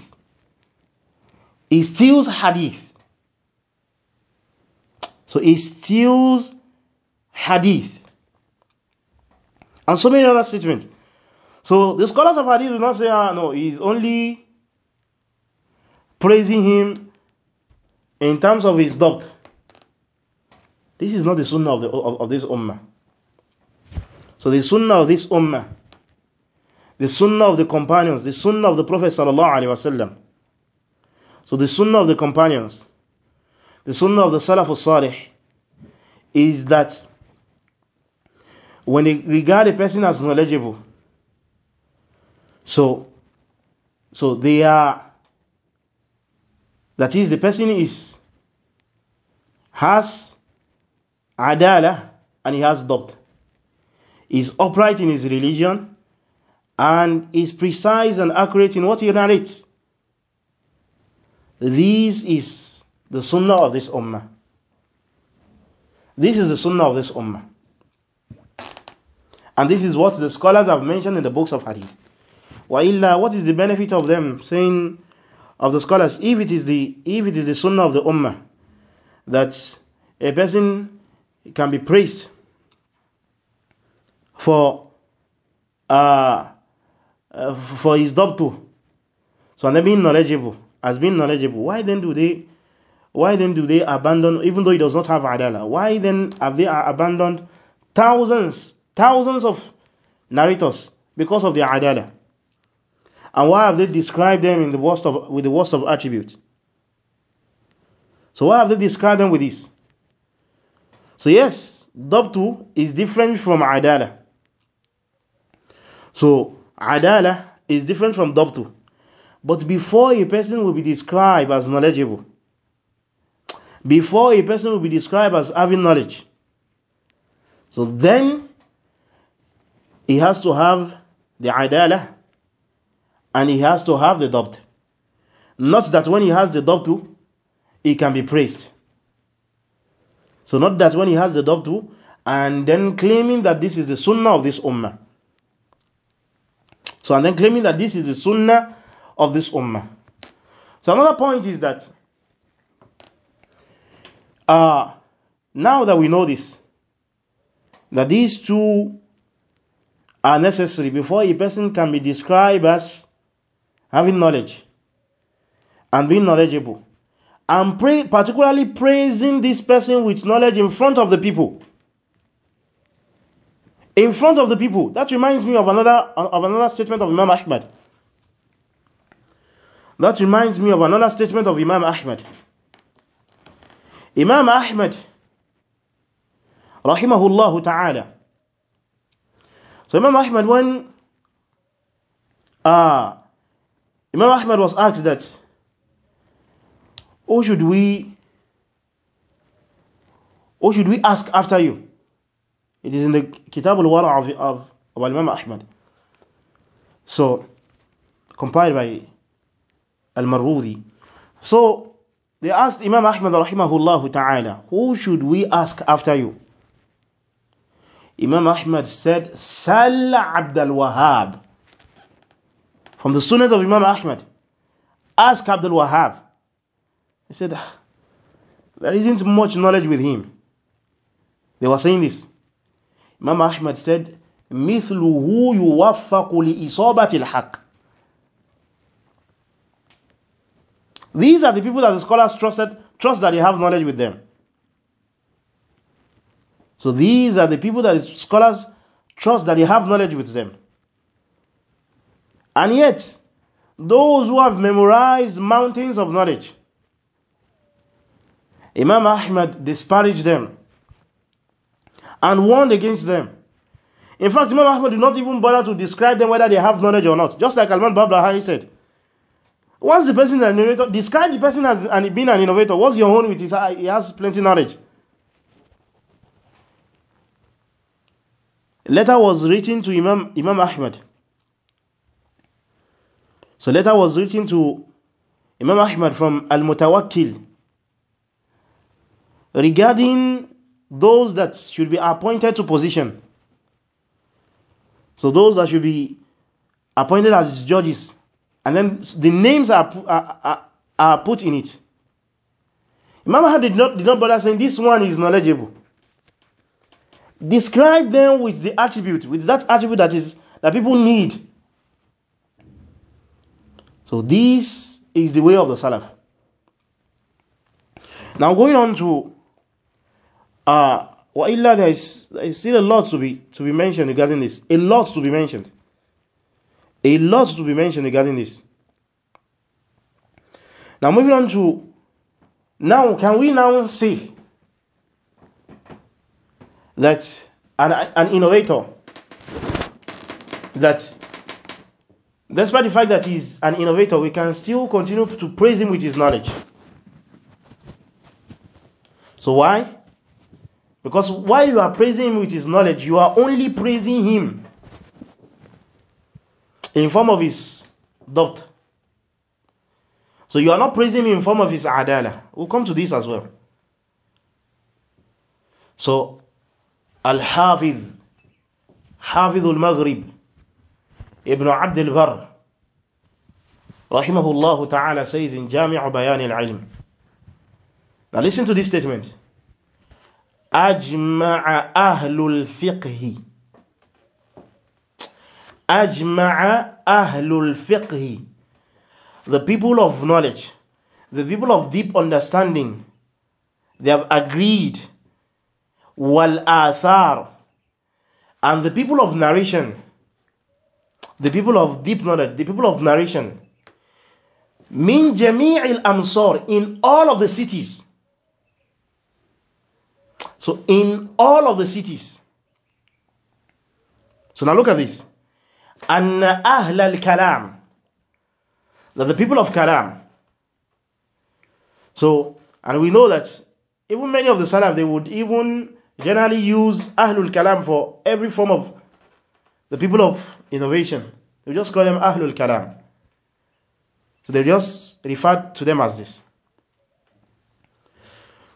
He steals hadith. So he steals hadith. And so many other statements. So the scholars of hadith do not say, ah, no, he's only praising him in terms of his doubt, this is not the sunnah of, the, of, of this ummah. So the sunnah of this ummah, the sunnah of the companions, the sunnah of the Prophet sallallahu alaihi wasallam. So the sunnah of the companions, the sunnah of the Salaf al-Salih is that when they regard a person as knowledgeable, so, so they are that is, the person is has adala and he has doubt. Is upright in his religion and is precise and accurate in what he narrates. This is the sunnah of this ummah. This is the sunnah of this ummah. And this is what the scholars have mentioned in the books of hadith. Wa illa, what is the benefit of them saying of the scholars, if it is the if it is the sunnah of the ummah that a person can be praised for uh, uh for his dabtu, so and being knowledgeable, as being knowledgeable, why then do they why then do they abandon even though he does not have adala? Why then have they uh, abandoned thousands, thousands of narrators because of their adala? And why have they described them in the worst of, with the worst of attributes? So why have they described them with this? So yes, Dabtu is different from Adala. So Adala is different from Dabtu. But before a person will be described as knowledgeable, before a person will be described as having knowledge, so then he has to have the Adala and he has to have the doubt. Not that when he has the doubt, he can be praised. So not that when he has the doubt, and then claiming that this is the sunnah of this ummah. So and then claiming that this is the sunnah of this ummah. So another point is that uh, now that we know this, that these two are necessary before a person can be described as having knowledge and being knowledgeable and pray, particularly praising this person with knowledge in front of the people in front of the people that reminds me of another of another statement of imam ahmad that reminds me of another statement of imam ahmad imam ahmad rahimahullah ta'ala so imam ahmad when uh, Imam Ahmad was asked that, "Oh, should we? Oh, should we ask after you?" It is in the Kitab al-Wara of, of, of Imam Ahmad. So, compiled by Al-Marudi. So, they asked Imam Ahmad rahimahullah ta'ala, "Who should we ask after you?" Imam Ahmad said, "Sal Abdul Wahhab." From the Sunnah of Imam Ahmad, ask Abdul Wahab. He said, ah, there isn't much knowledge with him. They were saying this. Imam Ahmad said, مثله يوفق لإصابة الحق. These are the people that the scholars trusted, trust that they have knowledge with them. So these are the people that the scholars trust that they have knowledge with them. And yet, those who have memorized mountains of knowledge, Imam Ahmad disparaged them and warned against them. In fact, Imam Ahmad did not even bother to describe them whether they have knowledge or not. Just like Alman Bablahari said. Once the person is an innovator, describe the person as an, being an innovator. What's your own with his uh, He has plenty knowledge. A letter was written to Imam, Imam Ahmad so letter was written to Imam Ahmad from Al-Mutawakkil regarding those that should be appointed to position. So those that should be appointed as judges. And then the names are, are, are, are put in it. Imam Ahmad did not, did not bother saying this one is knowledgeable. Describe them with the attribute, with that attribute that is that people need so this is the way of the Salaf. Now going on to uh Wa'illah, there is, there is still a lot to be to be mentioned regarding this. A lot to be mentioned. A lot to be mentioned regarding this. Now moving on to now can we now say that an, an innovator that despite the fact that he's an innovator, we can still continue to praise him with his knowledge. So why? Because while you are praising him with his knowledge, you are only praising him in form of his doubt. So you are not praising him in form of his adala. We'll come to this as well. So Al-Hafidh, Hafidh hafidh maghrib Ibn Abdul Barr rahimahullah ta'ala says in Jami' Bayan al-Ilm Now listen to this statement Ajma'a ahlul fiqh Ajma'a ahlul fiqh The people of knowledge the people of deep understanding they have agreed wal athar and the people of narration the people of deep knowledge, the people of narration. Min jami'il amsar, in all of the cities. So in all of the cities. So now look at this. An ahl al kalam. That the people of kalam. So, and we know that even many of the salaf, they would even generally use ahlul kalam for every form of the people of innovation. They just call them Ahlul Kalam. So they just refer to them as this.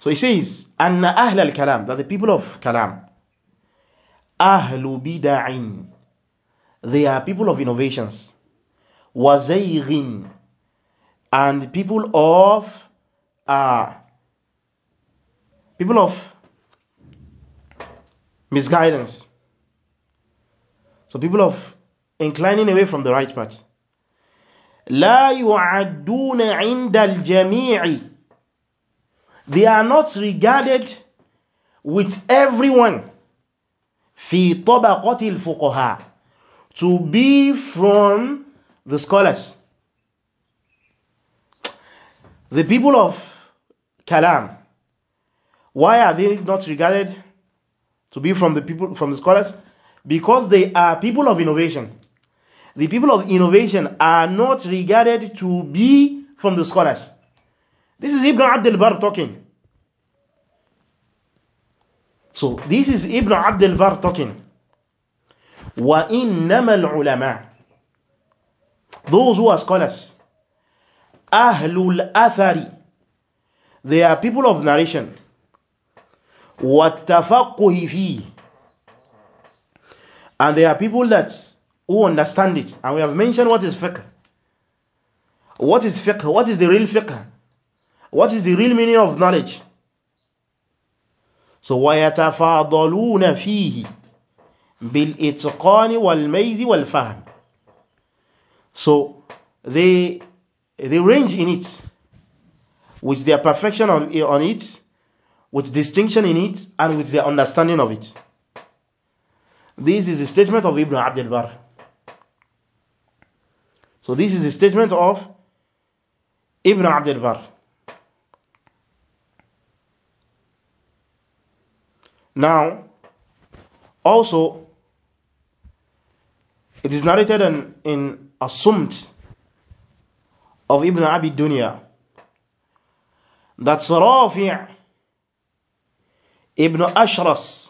So he says, Anna Ahlul Kalam, that the people of Kalam, Ahlu Bida'in, they are people of innovations, Wazayrin, and people of, uh, people of misguidance. So people of inclining away from the right path لا يعدون عند الجميع they are not regarded with everyone في طبقة الفقهاء to be from the scholars the people of kalam why are they not regarded to be from the people from the scholars because they are people of innovation the people of innovation are not regarded to be from the scholars. This is Ibn Abdul Bar talking. So this is Ibn Abdul Bar talking. وَإِنَّمَا الْعُلَمَاء Those who are scholars. أَهْلُ Athari, They are people of narration. وَالتَّفَقُّهِ فِيهِ And they are people that who understand it. And we have mentioned what is fiqh. What is fiqh? What is the real fiqh? What is the real meaning of knowledge? So وَيَتَفَاضَلُونَ فِيهِ بِالْإِتْقَانِ وَالْمَيْزِ وَالْفَهْمِ So they, they range in it with their perfection on, on it, with distinction in it, and with their understanding of it. This is a statement of Ibn Abdul Barr. So this is a statement of Ibn Abdul Bar. Now, also, it is narrated in, in Assumed of Ibn Abi Dunya that Sarafi' Ibn Ashras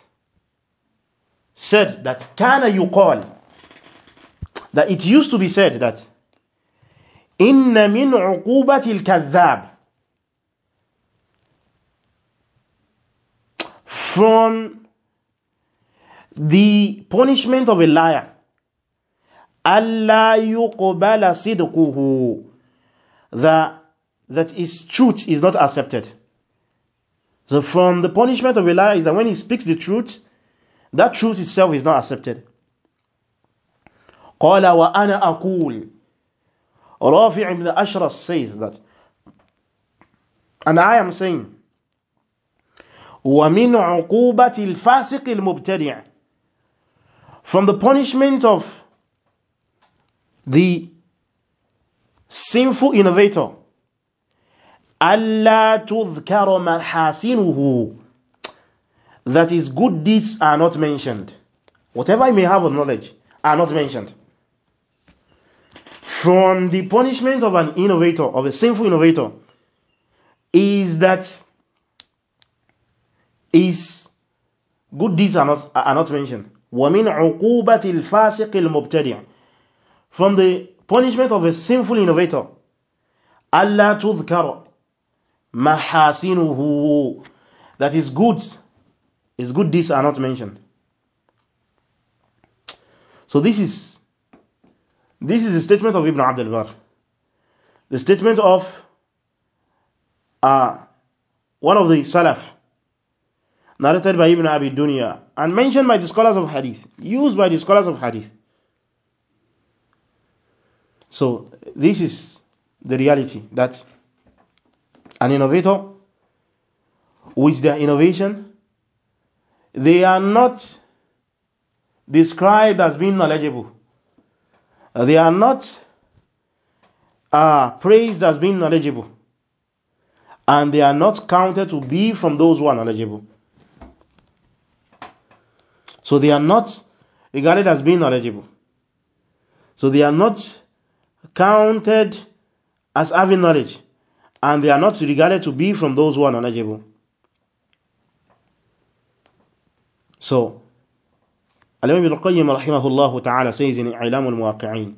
said that kana yuqal that it used to be said that إن من عقوبة الكذاب from the punishment of a liar ألا يقبل صدقه that that his truth is not accepted so from the punishment of a liar is that when he speaks the truth that truth itself is not accepted قال وأنا أقول Rafi' ibn Ashras says that, and I am saying, وَمِنْ عُقُوبَةِ الْفَاسِقِ الْمُبْتَدِعِ From the punishment of the sinful innovator, أَلَّا تُذْكَرَ مَحَاسِنُهُ That his good deeds are not mentioned. Whatever he may have of knowledge are not mentioned from the punishment of an innovator, of a sinful innovator, is that is good deeds are not, are not mentioned. وَمِنْ عُقُوبَةِ الْفَاسِقِ الْمُبْتَدِعِ From the punishment of a sinful innovator, أَلَّا تُذْكَرَ مَحَاسِنُهُ That is good, is good deeds are not mentioned. So this is this is the statement of Ibn Abdul Bar. The statement of uh, one of the Salaf, narrated by Ibn Abi Dunya, and mentioned by the scholars of Hadith, used by the scholars of Hadith. So, this is the reality that an innovator with their innovation, they are not described as being knowledgeable. Uh, they are not uh, praised as being knowledgeable and they are not counted to be from those who are knowledgeable. So they are not regarded as being knowledgeable. So they are not counted as having knowledge and they are not regarded to be from those who are knowledgeable. So الإمام ابن القيم رحمه الله تعالى سيز اعلام المواقعين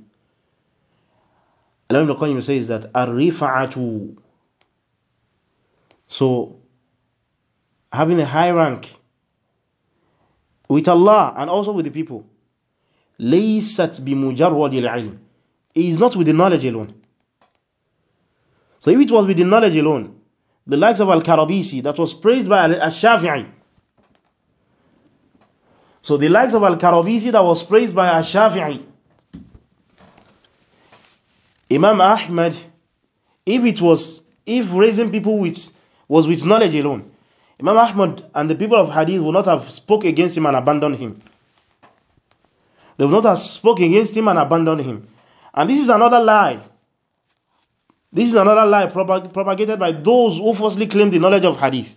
الامام ابن القيم سيز ذات الرفعه so having a high rank with Allah and also with the people ليست بمجرد العلم it is not with the knowledge alone so if it was with the knowledge alone the likes of al-Karabisi that was praised by al-Shafi'i So the likes of Al-Karawisi that was praised by Ash-Shafi'i, Imam Ahmad, if it was, if raising people with, was with knowledge alone, Imam Ahmad and the people of Hadith would not have spoke against him and abandoned him. They would not have spoke against him and abandoned him. And this is another lie. This is another lie propagated by those who falsely claim the knowledge of Hadith.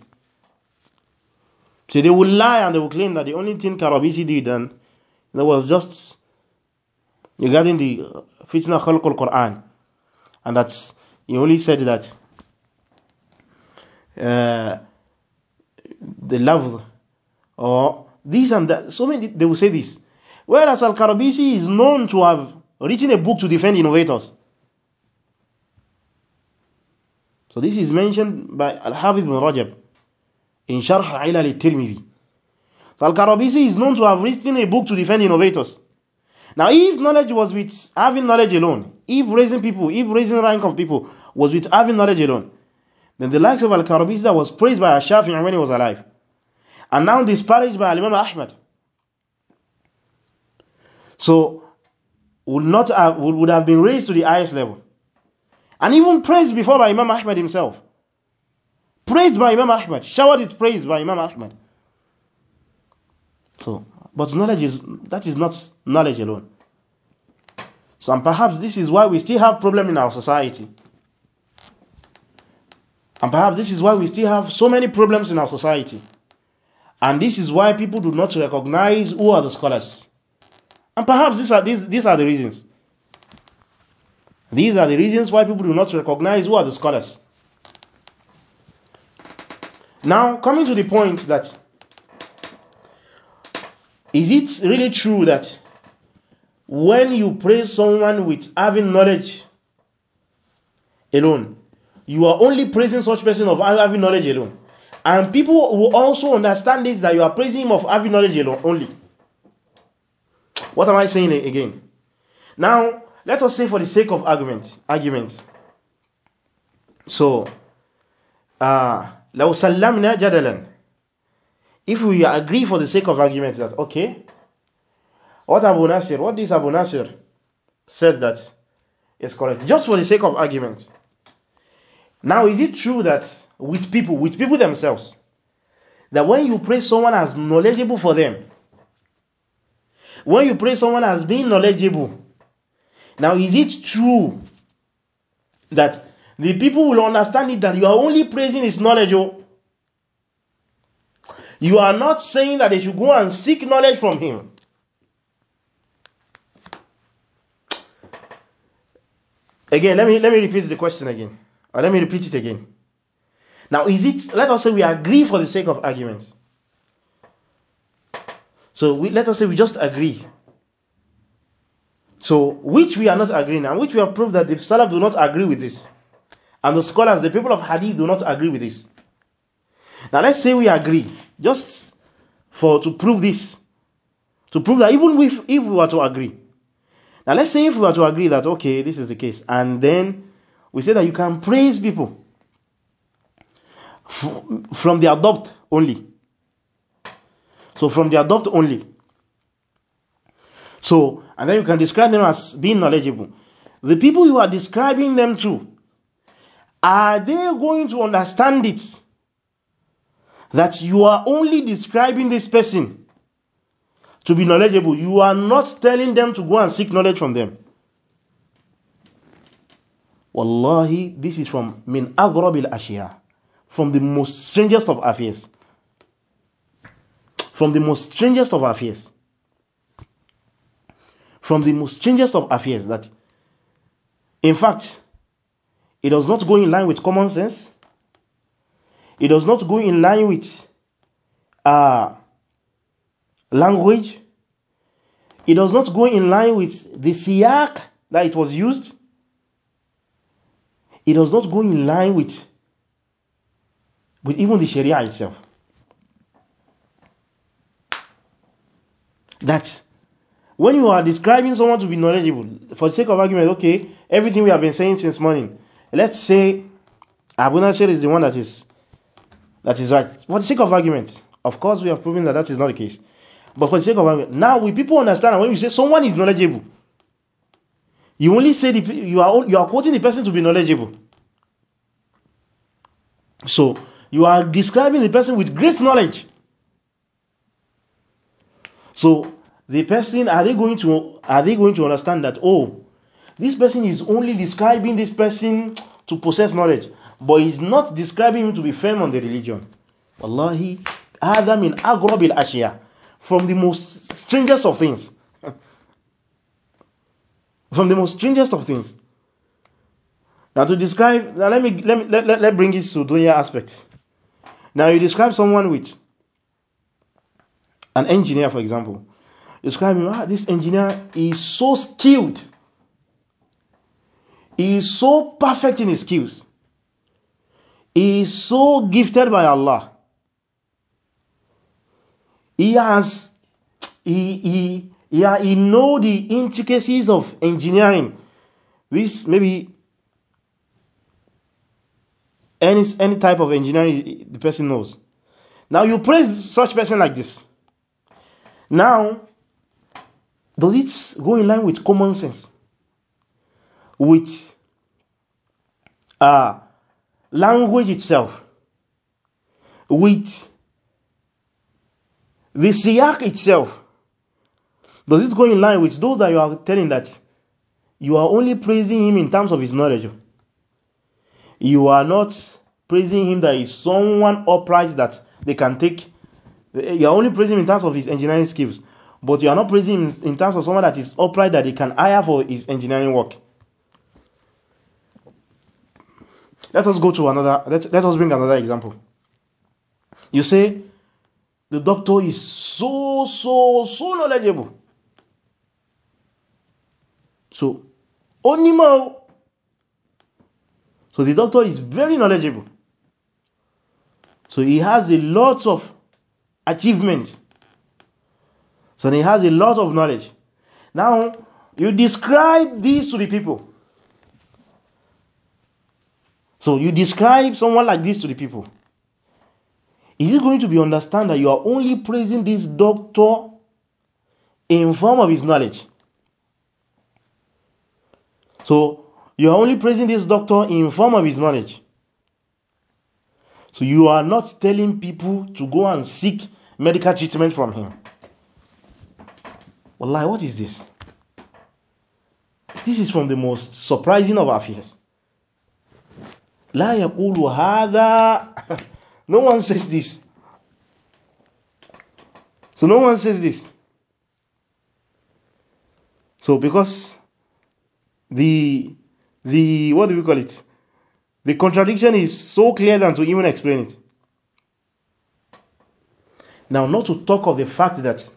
So they will lie and they will claim that the only thing Karabisi did and that was just regarding the fitna khalq al-Quran. And that he only said that uh, the love or this and that. So many, they will say this. Whereas Al-Karabisi is known to have written a book to defend innovators. So this is mentioned by Al-Hafidh bin Rajab in Sharh Ilal al-Tirmidhi. Al-Karabisi is known to have written a book to defend innovators. Now, if knowledge was with having knowledge alone, if raising people, if raising rank of people was with having knowledge alone, then the likes of Al-Karabisi that was praised by ashafi and when he was alive, and now disparaged by Imam Ahmad. So, would not have, would have been raised to the highest level. And even praised before by Imam Ahmad himself praised by Imam Ahmad, showered with praise by Imam Ahmad. So, but knowledge is that is not knowledge alone. So, and perhaps this is why we still have problem in our society. And perhaps this is why we still have so many problems in our society. And this is why people do not recognize who are the scholars. And perhaps these are, these, these are the reasons. These are the reasons why people do not recognize who are the scholars. Now, coming to the point that is it really true that when you praise someone with having knowledge alone, you are only praising such person of having knowledge alone? And people will also understand it that you are praising him of having knowledge alone only. What am I saying again? Now, let us say for the sake of argument, argument. So, uh, لو سلمنا جدلا if we agree for the sake of argument that okay what Abu Nasir what this Abu Nasir said that is correct just for the sake of argument now is it true that with people with people themselves that when you praise someone as knowledgeable for them when you praise someone as being knowledgeable now is it true that the people will understand it that you are only praising his knowledge oh you are not saying that they should go and seek knowledge from him. Again, let me let me repeat the question again. Or uh, let me repeat it again. Now, is it let us say we agree for the sake of argument. So we, let us say we just agree. So which we are not agreeing, and which we have proved that the Salaf do not agree with this. And the scholars, the people of Hadith do not agree with this. Now let's say we agree, just for to prove this, to prove that even if, if we were to agree. Now let's say if we were to agree that, okay, this is the case, and then we say that you can praise people f- from the adopt only. So from the adopt only. So, and then you can describe them as being knowledgeable. The people you are describing them to, are they going to understand it? that you are only describing this person to be knowledgeable. You are not telling them to go and seek knowledge from them. Wallahi, this is from min aghrabil ashia, from the most strangest of affairs. From the most strangest of affairs. From the most strangest of affairs that, in fact, it does not go in line with common sense it does not go in line with uh, language. It does not go in line with the siyak that it was used. It does not go in line with, with even the Sharia itself. That when you are describing someone to be knowledgeable, for the sake of argument, okay, everything we have been saying since morning, let's say Abu Nasir is the one that is that is right. For the sake of argument, of course, we have proven that that is not the case. But for the sake of argument, now we people understand when we say someone is knowledgeable, you only say the, you are you are quoting the person to be knowledgeable. So you are describing the person with great knowledge. So the person are they going to are they going to understand that oh this person is only describing this person to possess knowledge but he's not describing him to be firm on the religion wallahi هذا من أغرب الأشياء from the most strangest of things <laughs> from the most strangest of things now to describe now let me let me let, let, let bring it to dunya aspect now you describe someone with an engineer for example describe him ah this engineer is so skilled he is so perfect in his skills he is so gifted by Allah. He has, he, he, yeah, he know the intricacies of engineering. This maybe any, any type of engineering the person knows. Now you praise such person like this. Now, does it go in line with common sense? With uh, language itself, with the siyak itself, does it go in line with those that you are telling that you are only praising him in terms of his knowledge? You are not praising him that is someone upright that they can take. You are only praising him in terms of his engineering skills, but you are not praising him in terms of someone that is upright that they can hire for his engineering work. Let us go to another, let, let us bring another example. You say, the doctor is so, so, so knowledgeable. So, only more. So the doctor is very knowledgeable. So he has a lot of achievements. So he has a lot of knowledge. Now, you describe this to the people. So you describe someone like this to the people. Is it going to be understood that you are only praising this doctor in form of his knowledge? So you are only praising this doctor in form of his knowledge. So you are not telling people to go and seek medical treatment from him. Wallahi, what is this? This is from the most surprising of affairs. La hadha. <laughs> No one says this. So no one says this. So because the the what do we call it? The contradiction is so clear than to even explain it. Now, not to talk of the fact that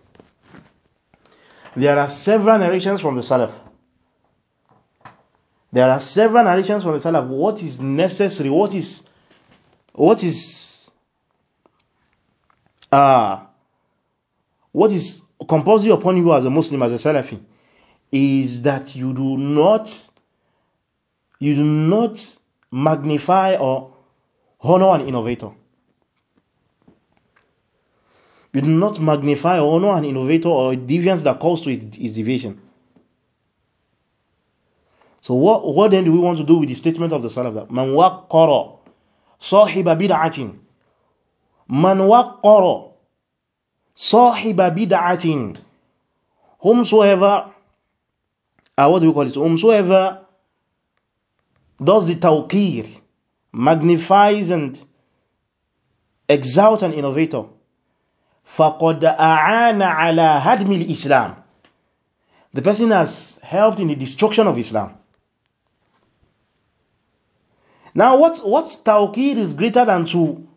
there are several narrations from the Salaf there are several narrations from the Salaf what is necessary what is what is uh, what is compulsory upon you as a Muslim as a Salafi is that you do not you do not magnify or honor an innovator you do not magnify or honor an innovator or a deviance that calls to its deviation so what, what then do we want to do with the statement of the Salaf that man waqqara sahiba bid'atin man waqqara sahiba bid'atin whomsoever uh, what do we call it whomsoever does the tawqir magnifies and exalt an innovator فَقَدْ ala hadmi al-Islam. The person has helped in the destruction of Islam. Now, what, what tawqid is greater than to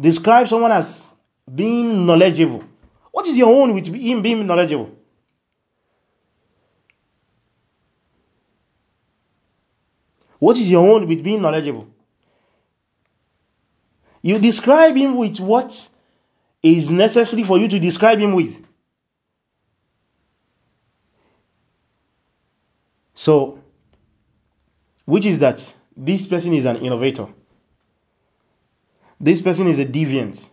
describe someone as being knowledgeable? What is your own with him being knowledgeable? What is your own with being knowledgeable? You describe him with what is necessary for you to describe him with. So, which is that? This person is an innovator. This person is a deviant.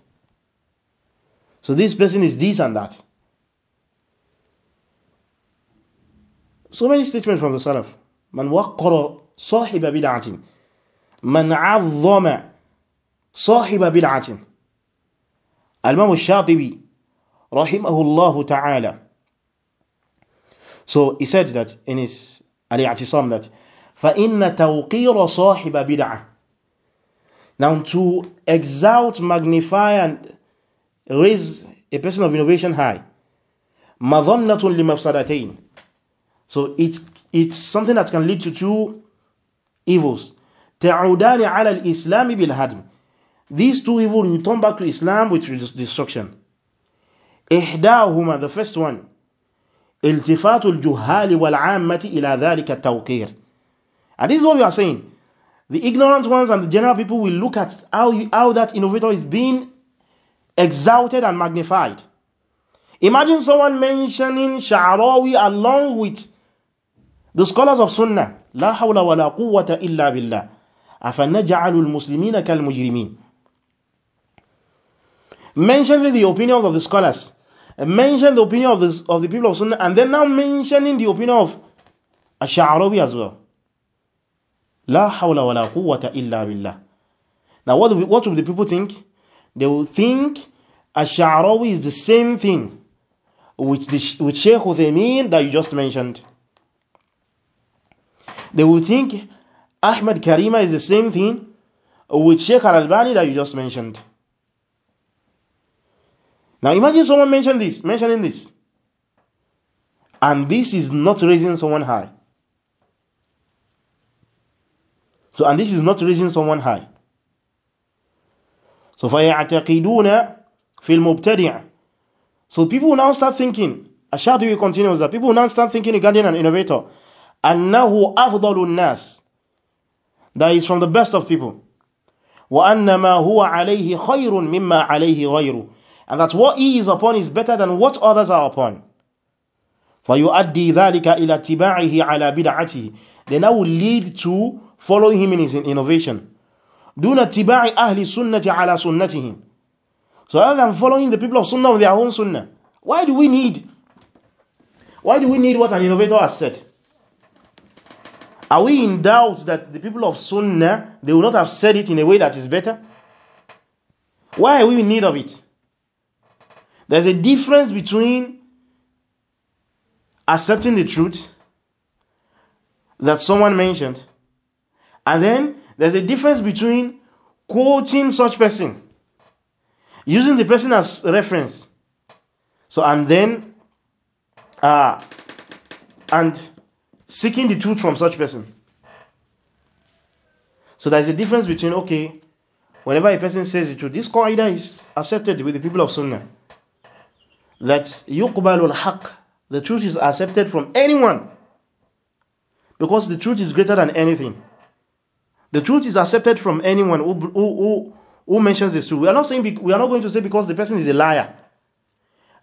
So this person is this and that. So many statements from the Salaf. Man waqqara sahiba bid'atin. Man azzama sahiba bid'atin. Al-Imam al-Shatibi rahimahullah ta'ala. So he said that in his al that فإن توقير صاحب بدعة. Now to exalt, magnify and raise a person of innovation high. مَظَنَّةٌ لِمَفْسَدَتَيْنِ So it's, it's something that can lead to two evils. تَعُودَانِ عَلَى الْإِسْلَامِ بِالْهَدْمِ These two evils will turn back to Islam with destruction. إِحْدَاهُمَا The first one التفات الجهال والعامة إلى ذلك التوقير And this is what we are saying. The ignorant ones and the general people will look at how, you, how that innovator is being exalted and magnified. Imagine someone mentioning Sha'arawi along with the scholars of Sunnah. لا حول ولا قوة إلا بالله muslimina المسلمين كالمجرمين Mentioning the opinion of the scholars, mention the opinion of the, of the people of Sunnah, and then now mentioning the opinion of Sha'arawi as well. La hawla wa la quwwata illa billah. Now what, what will the people think? They will think Asharawi is the same thing which, the, which Shaykh Uthaymeen that you just mentioned. They will think Ahmad Karima is the same thing with Sheikh Al-Albani that you just mentioned. Now imagine someone mention this, mentioning this. And this is not raising someone high. So, and this is not raising someone high. So, فَيَعْتَقِدُونَ فِي الْمُبْتَدِعِ So people now start thinking, continue continues that people now start thinking regarding an innovator, أَنَّهُ أَفْضَلُ النَّاسِ That is from the best of people. وَأَنَّمَا هُوَ عَلَيْهِ خَيْرٌ مِمَّا عَلَيْهِ غَيْرُ And that what he is upon is better than what others are upon. فَيُؤَدِّي ذَلِكَ إِلَى اتِّبَاعِهِ عَلَى بِدَعَتِهِ Then that will lead to following him in his innovation. دون اتباع أهل السنة على سنتهم So rather than following the people of sunnah on their own sunnah, why do we need why do we need what an innovator has said? Are we in doubt that the people of sunnah, they will not have said it in a way that is better? Why are we in need of it? There's a difference between accepting the truth that someone mentioned and then there's a difference between quoting such person, using the person as reference. So, and then, uh, and seeking the truth from such person. So there's a difference between, okay, whenever a person says the truth, this qaida is accepted with the people of Sunnah. That يُقْبَلُ haq The truth is accepted from anyone. Because the truth is greater than anything. The truth is accepted from anyone who, who, who, who mentions this truth. We are not saying we are not going to say because the person is a liar.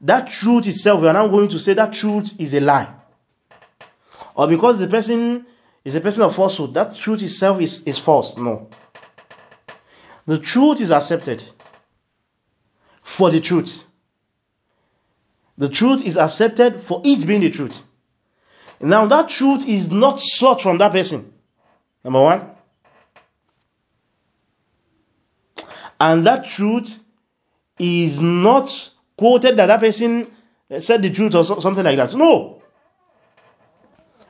That truth itself, we are not going to say that truth is a lie. Or because the person is a person of falsehood, that truth itself is, is false. No. The truth is accepted for the truth. The truth is accepted for it being the truth. Now, that truth is not sought from that person. Number one. and that truth is not quoted that that person said the truth or so, something like that. No.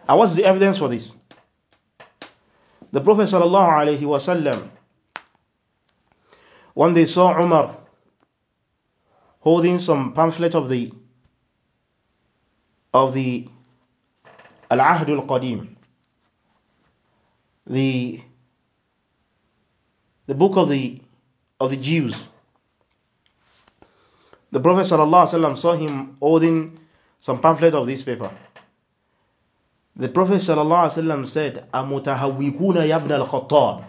And what's the evidence for this? The Prophet sallallahu alaihi wasallam when they saw Umar holding some pamphlet of the of the Al-Ahd al-Qadim the the book of the of the Jews. The Prophet ﷺ saw him holding some pamphlet of this paper. The Prophet ﷺ said, "Amutahawikuna yabna al-Khattab."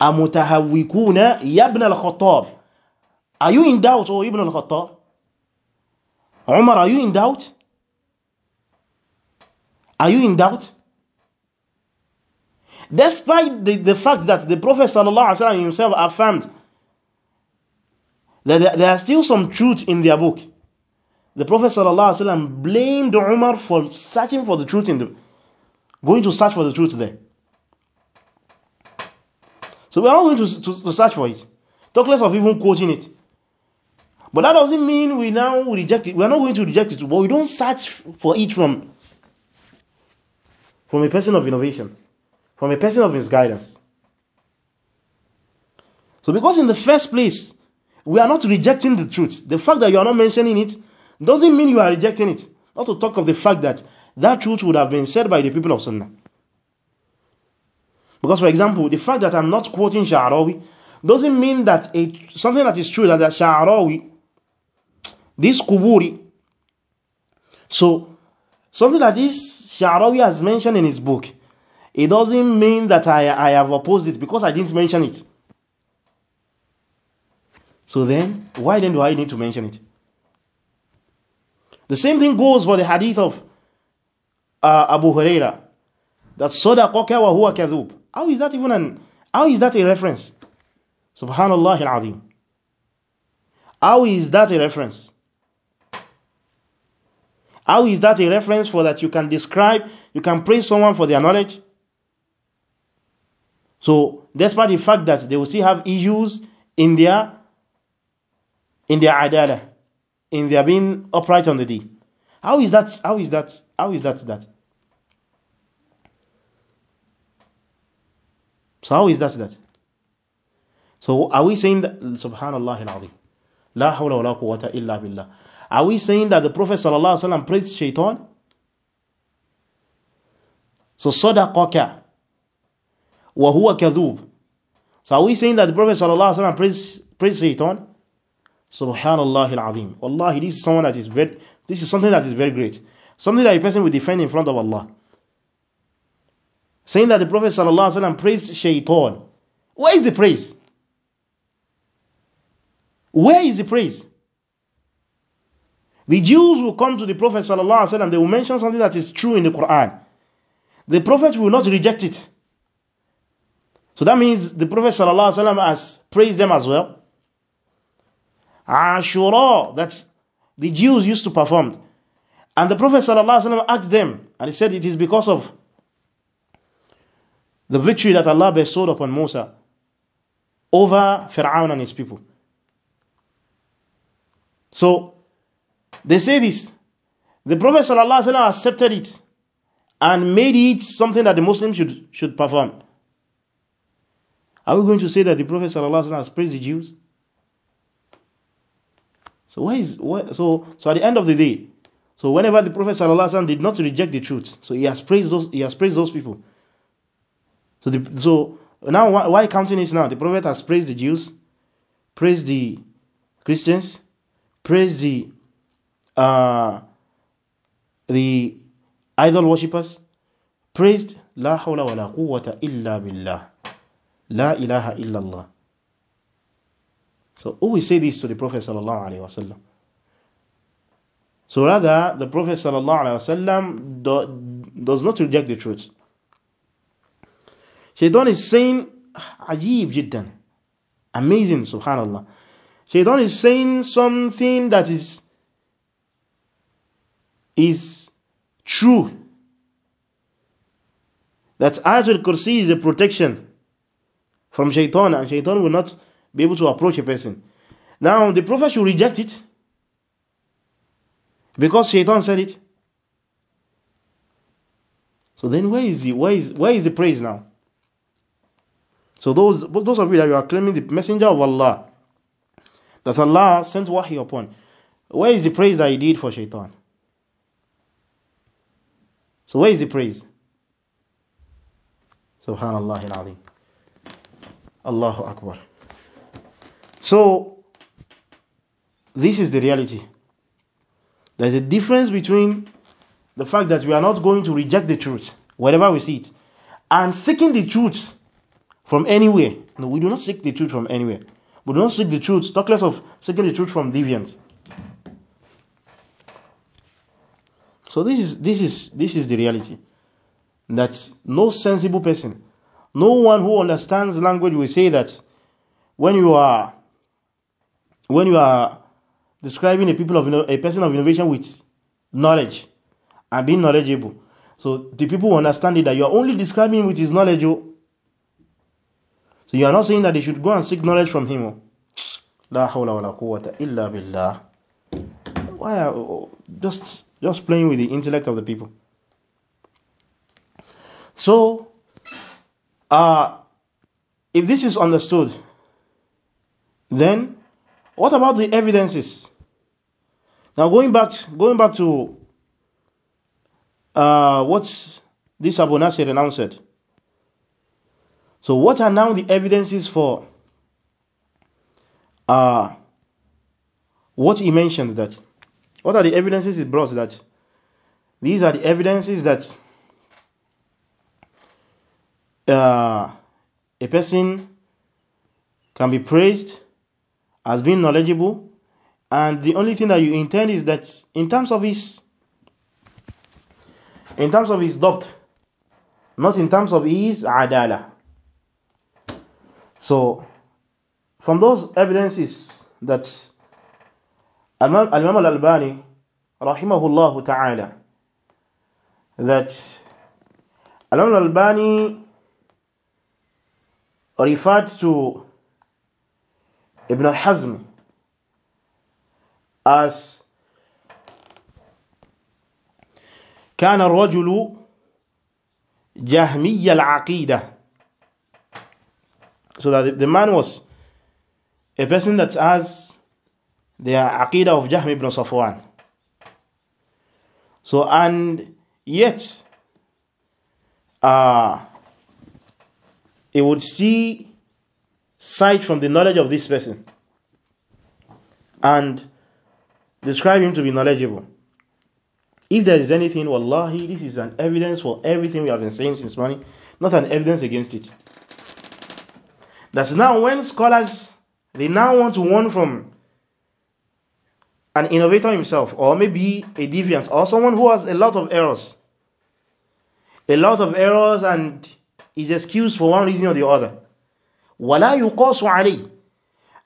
Amutahawikuna yabna al-Khattab. Are you in doubt, O Ibn al-Khattab? Umar, are you in doubt? Are you in doubt? Despite the, the fact that the Prophet ﷺ himself affirmed that there, there are still some truth in their book, the Prophet ﷺ blamed Umar for searching for the truth in the going to search for the truth there. So we're not going to, to, to search for it. Talk less of even quoting it. But that doesn't mean we now reject it. We're not going to reject it, but we don't search for it from, from a person of innovation from a person of misguidance. So, because in the first place, we are not rejecting the truth. The fact that you are not mentioning it doesn't mean you are rejecting it. Not to talk of the fact that that truth would have been said by the people of Sunnah. Because, for example, the fact that I'm not quoting Sha'arawi doesn't mean that a, something that is true, that, that Sha'arawi, this Kuburi, so something that this Sha'arawi has mentioned in his book, it doesn't mean that I, I have opposed it because I didn't mention it. So then, why then do I need to mention it? The same thing goes for the hadith of uh, Abu Huraira that sadaqaka wa huwa kadhub. How is that even an how is that a reference? Subhanallah al-azim. How is that a reference? How is that a reference for that you can describe, you can praise someone for their knowledge? So, despite the fact that they will still have issues in their in their adala, in their being upright on the day. How is that? How is that? How is that that? So how is that that? So are we saying that subhanallah al la hawla wa la quwwata illa billah. Are we saying that the prophet sallallahu alaihi wasallam praised shaitan? So sadaqaka وَهُوَ كَذُوب So are we saying that the Prophet wasallam praised, praised Satan? Subhanallah al-Azim. Wallahi, this is, someone that is very, this is something that is very great. Something that a person will defend in front of Allah. Saying that the Prophet wasallam praised Shaitan. Where is the praise? Where is the praise? The Jews will come to the Prophet wasallam they will mention something that is true in the Quran. The Prophet will not reject it. So that means the Prophet ﷺ has praised them as well. Ashura, that the Jews used to perform. And the Prophet ﷺ asked them, and he said it is because of the victory that Allah bestowed upon Musa over Fir'aun and his people. So, they say this. The Prophet ﷺ accepted it and made it something that the Muslims should, should perform. Are we going to say that the Prophet ﷺ has praised the Jews? So why is why, so so at the end of the day, so whenever the Prophet ﷺ did not reject the truth, so he has praised those he has praised those people. So the, so now why, why counting it now? The Prophet has praised the Jews, praised the Christians, praised the uh, the idol worshippers, praised La hawla wa la quwwata illa billah. La ilaha illallah. So always say this to the Prophet sallallahu alaihi wasallam. So rather, the Prophet sallallahu alaihi wasallam does not reject the truth. Shaytan is saying, "Ajib jiddan," amazing, subhanallah. Shaytan is saying something that is is true. That Ayatul Kursi is a protection from shaitan and shaitan will not be able to approach a person. Now the prophet should reject it because shaitan said it. So then where is the where is where is the praise now? So those those of you that you are claiming the messenger of Allah that Allah sent wahi upon, where is the praise that he did for shaitan? So where is the praise? Subhanallah al Allahu Akbar. So, this is the reality. There's a difference between the fact that we are not going to reject the truth, wherever we see it, and seeking the truth from anywhere. No, we do not seek the truth from anywhere. We do not seek the truth, talk less of seeking the truth from deviants. So this is this is this is the reality. That no sensible person no one who understands language will say that when you are when you are describing a people of a person of innovation with knowledge and being knowledgeable. So the people understand it that you are only describing with his knowledge. Oh. So you are not saying that they should go and seek knowledge from him. Oh. Why are oh, just just playing with the intellect of the people? So uh, if this is understood, then what about the evidences? Now going back, going back to uh, what this Abu Nasir announced. So what are now the evidences for uh, what he mentioned that? What are the evidences he brought that? These are the evidences that uh, a person can be praised as being knowledgeable and the only thing that you intend is that in terms of his in terms of his doubt not in terms of his adala so from those evidences that al-imam al-albani rahimahullah ta'ala that al-imam al-albani referred to Ibn Hazm as كان الرجل جهمي العقيدة so that the man was a person that has the aqidah of Jahm ibn Safwan so and yet uh, he would see sight from the knowledge of this person and describe him to be knowledgeable. If there is anything, wallahi, this is an evidence for everything we have been saying since morning, not an evidence against it. That's now when scholars, they now want to warn from an innovator himself, or maybe a deviant, or someone who has a lot of errors. A lot of errors and is excused for one reason or the other. وَلَا يُقَاسُ عَلَيْهِ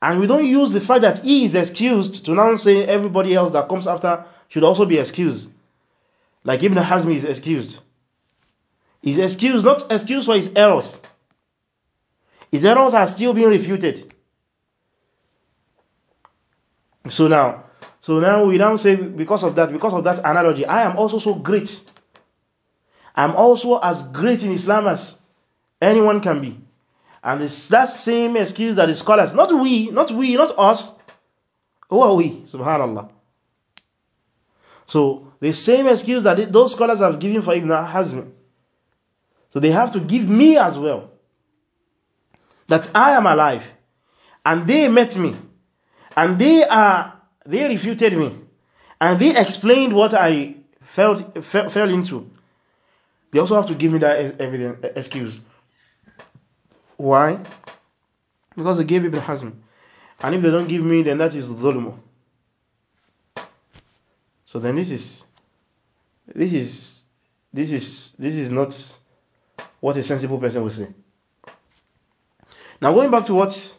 And we don't use the fact that he is excused to now say everybody else that comes after should also be excused. Like Ibn Hazmi is excused. He's excused, not excused for his errors. His errors are still being refuted. So now, so now we now say because of that, because of that analogy, I am also so great. I'm also as great in Islam as Anyone can be. And it's that same excuse that the scholars, not we, not we, not us. Who are we? Subhanallah. So the same excuse that those scholars have given for Ibn Hazm. So they have to give me as well. That I am alive. And they met me. And they are they refuted me. And they explained what I felt fell, into. They also have to give me that evidence excuse. Why? Because they gave Ibn Hazm. And if they don't give me, then that is dhulm. So then this is this is this is this is not what a sensible person would say. Now going back to what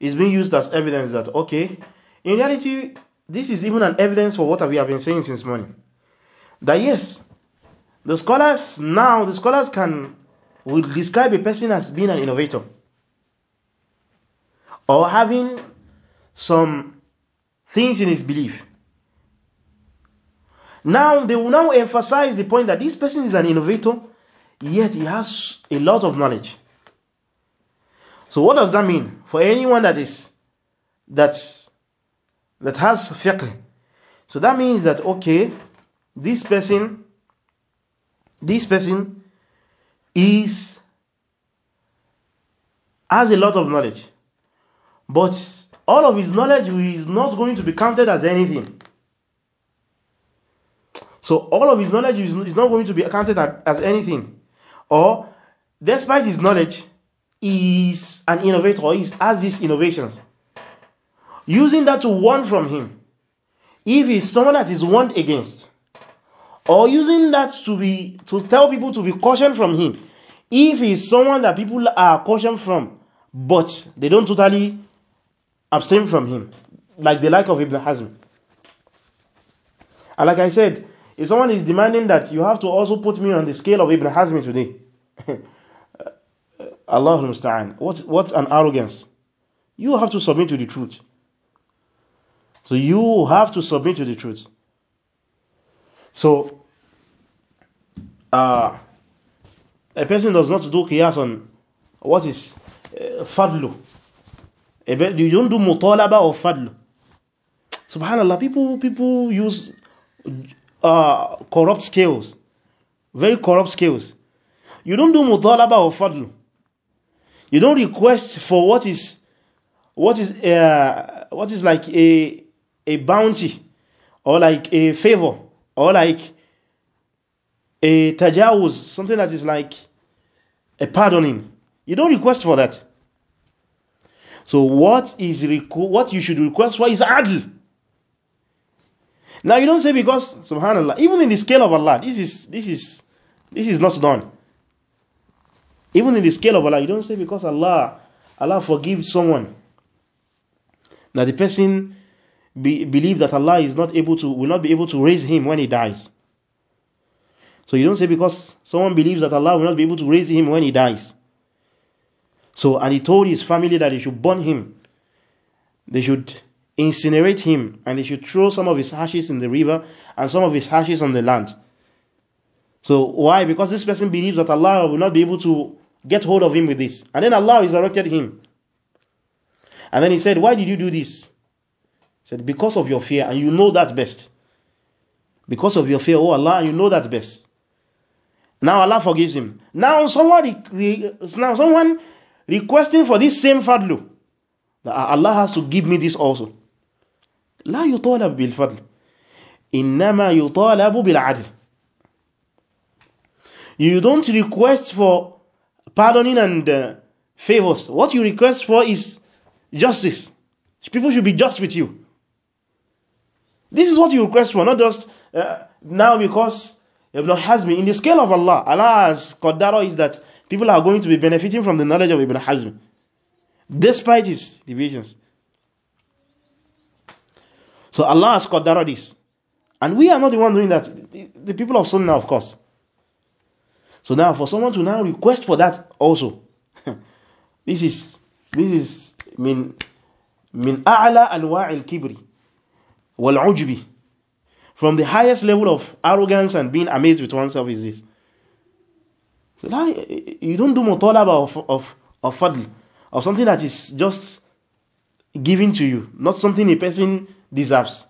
is being used as evidence that okay, in reality, this is even an evidence for what we have been saying since morning. That yes, the scholars now the scholars can would describe a person as being an innovator or having some things in his belief. Now they will now emphasize the point that this person is an innovator, yet he has a lot of knowledge. So what does that mean for anyone that is that that has fiqh? So that means that okay, this person, this person is has a lot of knowledge but all of his knowledge is not going to be counted as anything so all of his knowledge is, is not going to be counted as anything or despite his knowledge is an innovator He has these innovations using that to warn from him if he's someone that is warned against or using that to be to tell people to be cautioned from him if he's someone that people are cautioned from but they don't totally abstain from him like the like of Ibn Hazm and like I said if someone is demanding that you have to also put me on the scale of Ibn Hazm today <laughs> Allah musta'an what what an arrogance you have to submit to the truth so you have to submit to the truth so uh, a person does not do qiyas on what is uh, fadlu. You don't do mutalaba or fadlu. Subhanallah, people people use uh, corrupt scales, very corrupt scales. You don't do mutalaba or fadlu. You don't request for what is what is uh, what is like a a bounty or like a favor or like a tajawuz, something that is like a pardoning. You don't request for that. So what is what you should request for is adl. Now you don't say because subhanallah, even in the scale of Allah, this is this is this is not done. Even in the scale of Allah, you don't say because Allah Allah forgives someone. Now the person be, believe that Allah is not able to will not be able to raise him when he dies. So you don't say because someone believes that Allah will not be able to raise him when he dies. So, and he told his family that they should burn him, they should incinerate him, and they should throw some of his ashes in the river and some of his ashes on the land. So, why? Because this person believes that Allah will not be able to get hold of him with this. And then Allah resurrected him. And then he said, Why did you do this? He said, Because of your fear, and you know that best. Because of your fear, oh Allah, you know that best. Now Allah forgives him. Now someone, now someone requesting for this same fadlu, that ah, Allah has to give me this also. لا يطالب بالفضل إنما يطالب بالعدل You don't request for pardoning and uh, favors. What you request for is justice. People should be just with you. This is what you request for, not just uh, now because Ibn Hazm, in the scale of Allah, Allah's qadara is that people are going to be benefiting from the knowledge of Ibn Hazm, despite his divisions. So Allah has qadara this. And we are not the one doing that. The, the people of Sunnah, of course. So now, for someone to now request for that also, <laughs> this is, this is, min, min a'la anwa' al-kibri wal-ujbi from the highest level of arrogance and being amazed with oneself is this. So that, eh, eh, you don't do mutalaba of, of, of fadl, of something that is just given to you, not something a person deserves.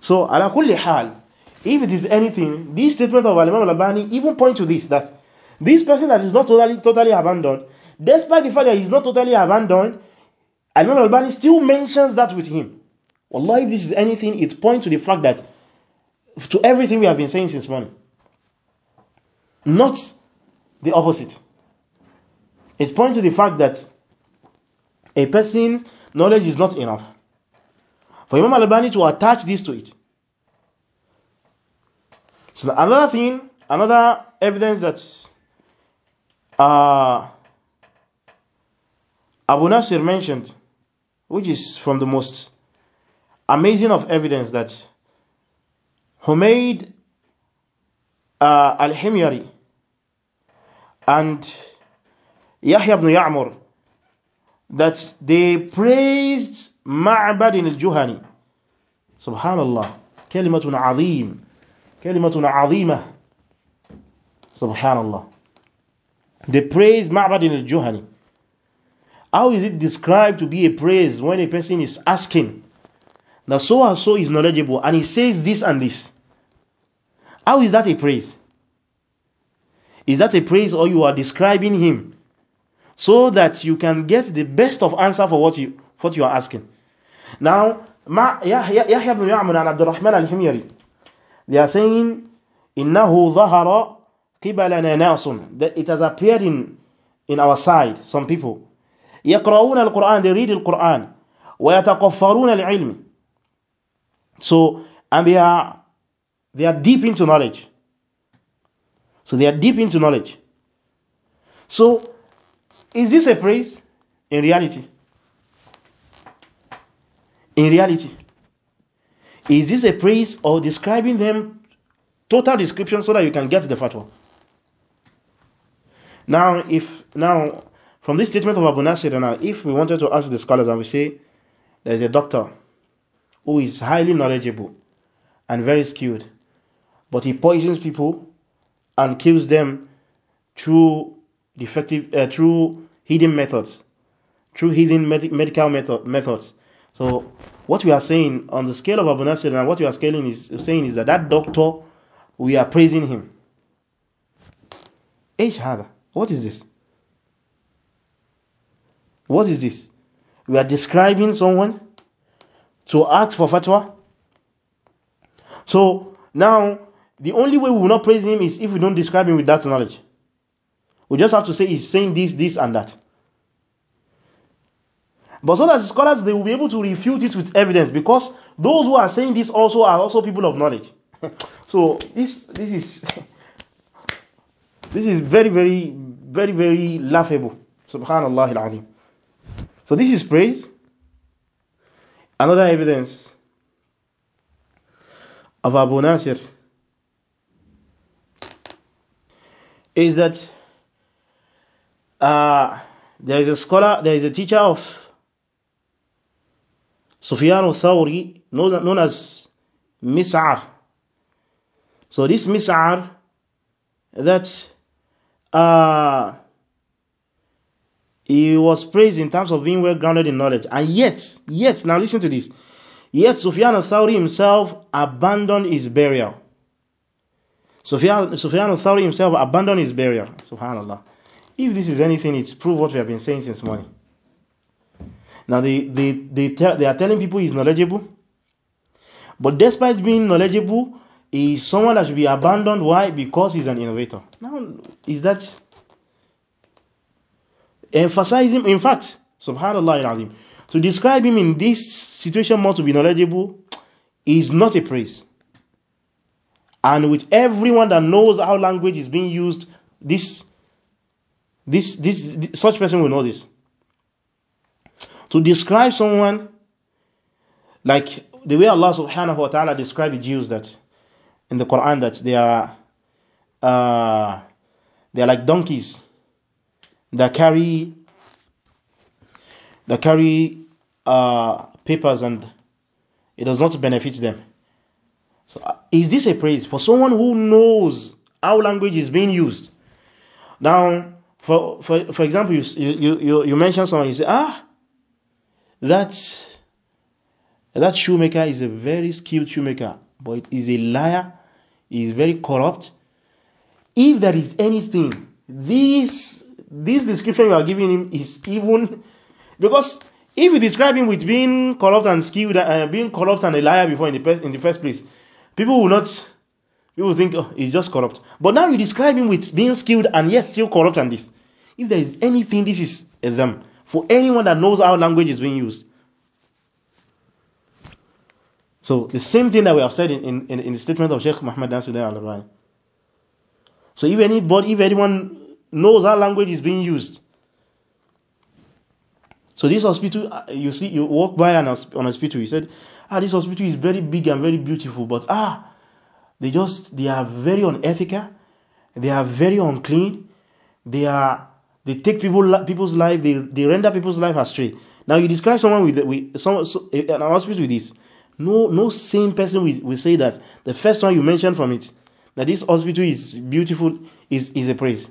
So, ala kulli hal, if it is anything, this statement of Al-Imam al bani even point to this, that this person that is not totally, totally abandoned, despite the fact that he's not totally abandoned, Al-Imam al bani still mentions that with him. Allah, if this is anything, it points to the fact that to everything we have been saying since morning, not the opposite. It points to the fact that a person's knowledge is not enough. For Imam al bani to attach this to it. So another thing, another evidence that uh, Abu Nasir mentioned, which is from the most amazing of evidence that Humaid uh, al-Himyari and Yahya ibn Ya'mur that they praised Ma'bad al-Juhani subhanallah kalimatun azim kalimatun azimah subhanallah they praise Ma'bad al-Juhani how is it described to be a praise when a person is asking that so and so is knowledgeable and he says this and this. How is that a praise? Is that a praise or you are describing him so that you can get the best of answer for what you, for what you are asking? Now, Yahya ibn Ya'mun and Abdurrahman al-Himyari, they are saying, إِنَّهُ ظَهَرَ قِبَلَنَا نَاسٌ That it has appeared in, in our side, some people. يَقْرَؤُونَ الْقُرْآنِ They read the Qur'an. وَيَتَقَفَّرُونَ الْعِلْمِ so, and they are, they are deep into knowledge. So they are deep into knowledge. So, is this a praise? In reality. In reality. Is this a praise or describing them total description so that you can get the fatwa? Now, if now from this statement of Abu Nasir, now if we wanted to ask the scholars and we say there is a doctor who is highly knowledgeable and very skilled, but he poisons people and kills them through defective uh, through hidden methods, through hidden med medical method, methods. So what we are saying on the scale of Abu Nasir and what we are scaling is saying is that that doctor we are praising him. Ishada, What is this? What is this? We are describing someone to ask for fatwa? So now, the only way we will not praise him is if we don't describe him with that knowledge. We just have to say he's saying this, this, and that. But so that the scholars, they will be able to refute it with evidence because those who are saying this also are also people of knowledge. <laughs> so this, this is, <laughs> this is very, very, very, very laughable. Subhanallah So this is praise. Another evidence of Abu Nasir is that uh, there is a scholar, there is a teacher of Sufyan al-Thawri known, as Mis'ar. So this Mis'ar that uh, he was praised in terms of being well grounded in knowledge. And yet, yet, now listen to this. Yet Sufyan al-Thawri himself abandoned his burial. Sufyan, Sufyan al-Thawri himself abandoned his burial. Subhanallah. If this is anything, it's proof what we have been saying since morning. Now they, they, they, tell, they are telling people he's knowledgeable. But despite being knowledgeable, he's someone that should be abandoned. Why? Because he's an innovator. Now, is that emphasize him in fact subhanallah al to describe him in this situation more to be knowledgeable is not a praise and with everyone that knows how language is being used this this this, this such person will know this to describe someone like the way Allah subhanahu wa ta'ala described the Jews that in the Quran that they are uh, they are like donkeys that carry that carry uh, papers and it does not benefit them. So uh, is this a praise for someone who knows how language is being used? Now, for for, for example, you you you, you mention someone, you say, ah, that that shoemaker is a very skilled shoemaker, but he's a liar. He's is very corrupt. If there is anything, this this description you are giving him is even because if you describe him with being corrupt and skilled, uh, being corrupt and a liar before in the, first in the first place, people will not. People think oh, he's just corrupt. But now you describe him with being skilled and yet still corrupt and this. If there is anything, this is them for anyone that knows how language is being used. So the same thing that we have said in, in, in the statement of Sheikh Muhammad Nasruddin al So if anybody, if anyone knows how language is being used. So this hospital, uh, you see, you walk by an on hospital, you said, ah, this hospital is very big and very beautiful, but ah, they just, they are very unethical, they are very unclean, they are, they take people, people's life, they, they render people's life astray. Now you describe someone with, with some, so, an hospital with this, no, no sane person will, will say that the first one you mentioned from it, that this hospital is beautiful, is, is a praise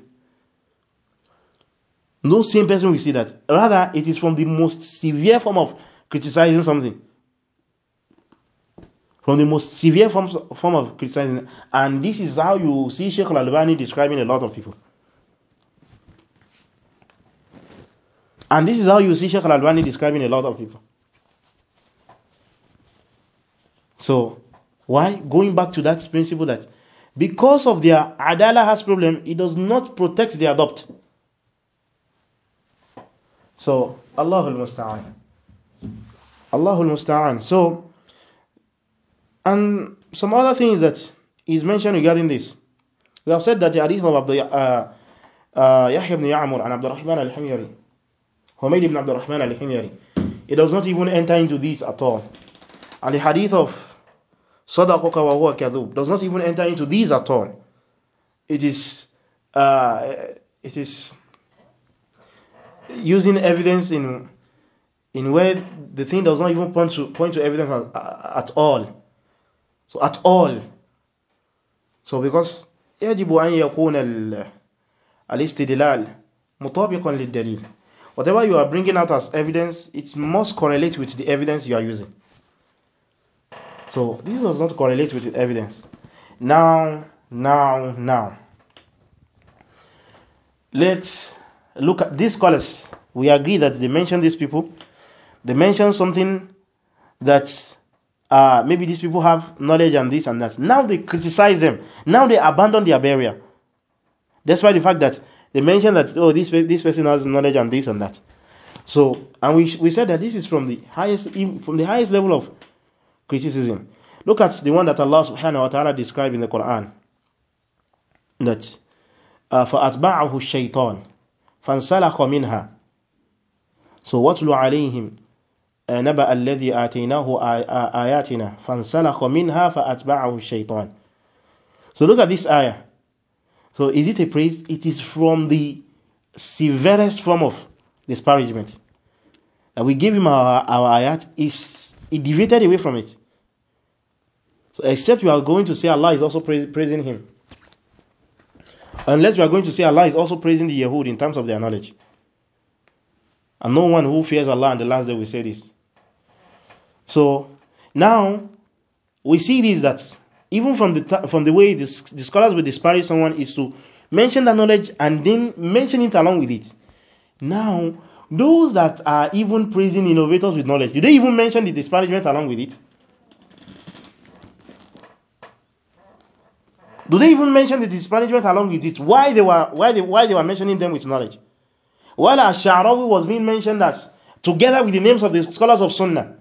no sane person will see that. Rather, it is from the most severe form of criticizing something. From the most severe form, form of criticizing. And this is how you see Sheikh Al-Albani describing a lot of people. And this is how you see Sheikh Al-Albani describing a lot of people. So, why? Going back to that principle that because of their adala has problem, it does not protect the adopt. So, Allahul Musta'an. Allahul Musta'an. So, and some other things that is mentioned regarding this. We have said that the hadith of Abdul, uh, uh, Yahya ibn Ya'mur and Abdurrahman al-Himyari, Humayd ibn Abdurrahman al-Himyari, it does not even enter into this at all. And the hadith of Sadaqaka wa huwa kadhub does not even enter into these at all. It is, uh, it is using evidence in in where the thing does not even point to point to evidence at, at all. So at all. So because يجب أن يكون الاستدلال مطابقا للدليل. Whatever you are bringing out as evidence, it must correlate with the evidence you are using. So this does not correlate with the evidence. Now, now, now. Let's look at these scholars. We agree that they mention these people. They mention something that uh, maybe these people have knowledge and this and that. Now they criticize them. Now they abandon their barrier. why the fact that they mention that, oh, this, this person has knowledge and this and that. So, and we, we said that this is from the highest from the highest level of criticism. Look at the one that Allah subhanahu wa ta'ala described in the Quran. That uh, فَأَتْبَعَهُ shaitan. فانسلخ منها so واتل عليهم نبأ الذي آتيناه آياتنا فانسلخ منها فأتبعه الشيطان so look at this ayah so is it a praise it is from the severest form of disparagement that we gave him our, our ayat is he deviated away from it so except you are going to say Allah is also praising him Unless we are going to say Allah is also praising the Yahud in terms of their knowledge. And no one who fears Allah on the last day will say this. So now we see this that even from the from the way the, the scholars will disparage someone is to mention that knowledge and then mention it along with it. Now, those that are even praising innovators with knowledge, do they even mention the disparagement along with it? Do they even mention the disparagement along with it? Why they were, why they, why they were mentioning them with knowledge? While Ash'arawi was being mentioned as together with the names of the scholars of Sunnah.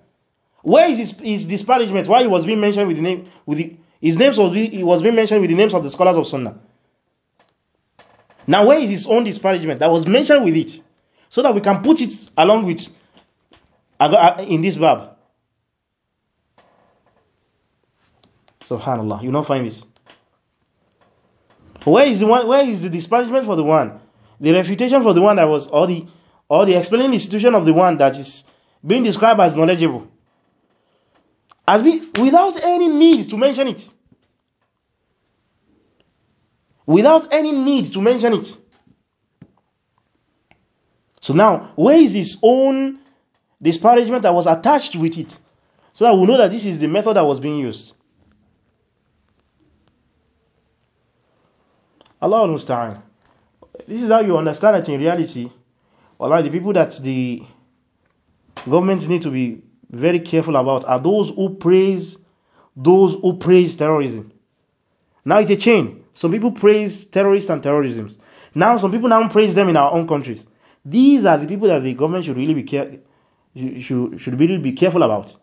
Where is his, his disparagement? Why he was being mentioned with the name with the, his names was, he was being mentioned with the names of the scholars of Sunnah. Now, where is his own disparagement that was mentioned with it, so that we can put it along with uh, uh, in this bab? Subhanallah, you not find this. Where is the one? Where is the disparagement for the one? The refutation for the one that was, all the, or the explaining the situation of the one that is being described as knowledgeable, as be, without any need to mention it, without any need to mention it. So now, where is his own disparagement that was attached with it, so that we know that this is the method that was being used? Allah understand. This is how you understand it in reality. Allah, the people that the governments need to be very careful about are those who praise those who praise terrorism. Now it's a chain. Some people praise terrorists and terrorism. Now some people now praise them in our own countries. These are the people that the government should really be care- should, should really be careful about.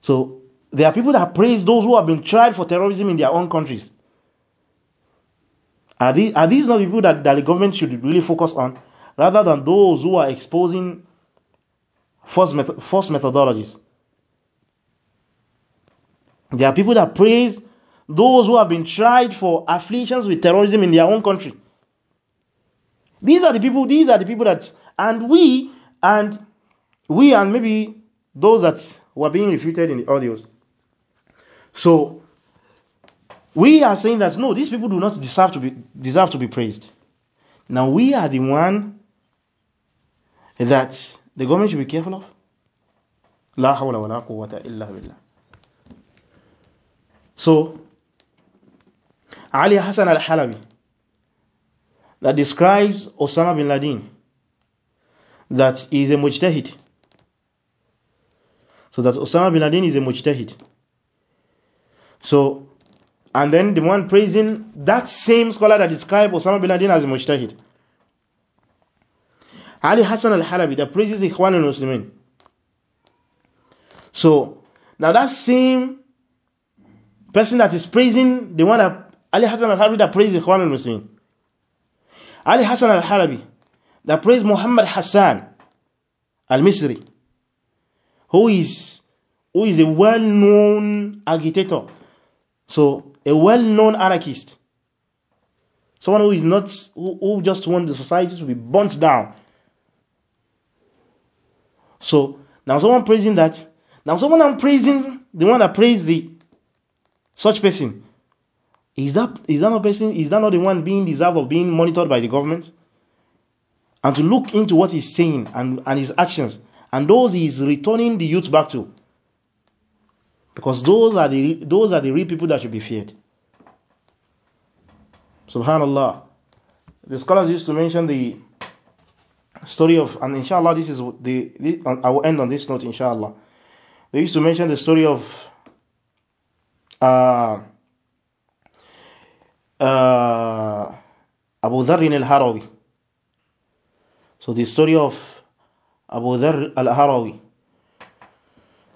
So there are people that praise those who have been tried for terrorism in their own countries. Are, these are these not the people that, that the government should really focus on rather than those who are exposing false, met- false methodologies? There are people that praise those who have been tried for afflictions with terrorism in their own country. These are the people, these are the people that, and we, and we, and maybe those that were being refuted in the audios. So, we are saying that no, these people do not deserve to be deserve to be praised. Now we are the one that the government should be careful of. La hawla wa la quwwata illa billah. So Ali Hassan al-Halabi that describes Osama bin Laden that he is a mujtahid. So that Osama bin Laden is a mujtahid. So and then the one praising that same scholar that described Osama bin Laden as a mujtahid. Ali Hassan al-Halabi that praises Ikhwan al-Muslimin. So, now that same person that is praising the one that Ali Hassan al-Halabi that praises Ikhwan al-Muslimin. Ali Hassan al-Halabi that praises Muhammad Hassan al-Misri who is who is a well-known agitator. So, a well-known anarchist, someone who is not who, who just wants the society to be burnt down. So now someone praising that, now someone I'm praising, the one that praised the such person, is that is that not person? Is that not the one being deserved of being monitored by the government? And to look into what he's saying and, and his actions and those he is returning the youth back to. Because those are the, those are the real people that should be feared. Subhanallah. The scholars used to mention the story of, and inshallah, this is the, the I will end on this note, inshallah. They used to mention the story of uh, uh, Abu Dharr al-Harawi. So the story of Abu Dharr al-Harawi.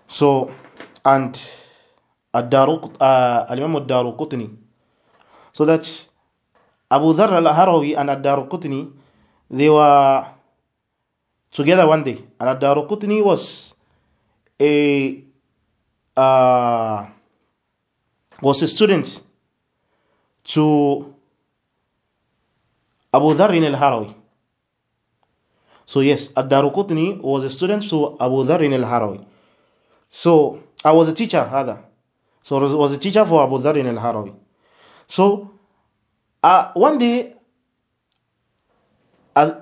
So and Ad-Daruk, uh, Imam Ad-Daruqutni. So that Abu Dharr al-Harawi and Ad-Daruqutni, they were together one day. And Ad-Daruqutni was a, uh, was a student to Abu Dharr al-Harawi. So yes, Ad-Daruqutni was a student to Abu Dharr al-Harawi. So I was a teacher, rather. So I was a teacher for Abu Dhar in al-Harawi. So uh, one day, uh,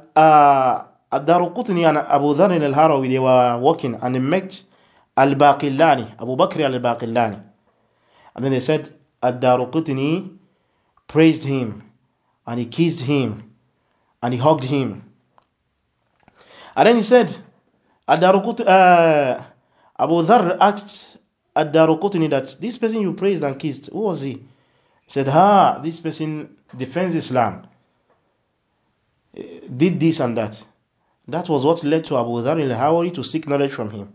Ad-Daruqutni and Abu Dhar in al-Harawi, they were walking and they met Al-Baqillani, Abu Bakr al-Baqillani. And then they said, Ad-Daruqutni praised him and he kissed him and he hugged him. And then he said, Ad-Daruqutni, uh, Abu Dhar asked Ad-Daruqutni that this person you praised and kissed, who was he? he said, ha, ah, this person defends Islam. Eh, did this and that. That was what led to Abu Dhar al-Hawari to seek knowledge from him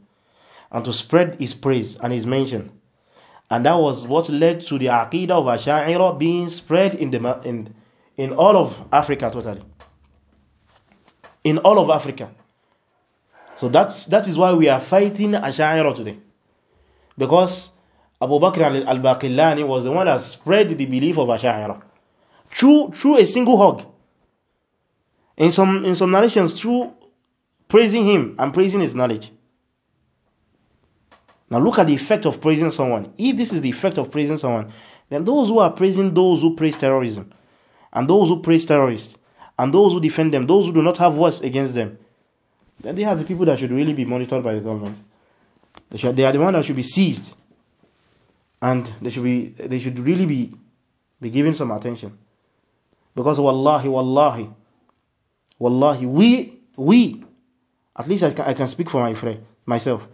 and to spread his praise and his mention. And that was what led to the Aqidah of Ash'ira being spread in, the, in, in all of Africa totally. In all of Africa. So that's, that is why we are fighting Ash'ira today because Abu Bakr al-Baqillani was the one that spread the belief of Ash'ari through, through a single hug in some, in some narrations through praising him and praising his knowledge now look at the effect of praising someone if this is the effect of praising someone then those who are praising those who praise terrorism and those who praise terrorists and those who defend them those who do not have words against them then they are the people that should really be monitored by the government they, should, they are the one that should be seized. And they should be they should really be, be given some attention. Because wallahi, wallahi, wallahi, we, we, at least I can, I can speak for my friend, myself,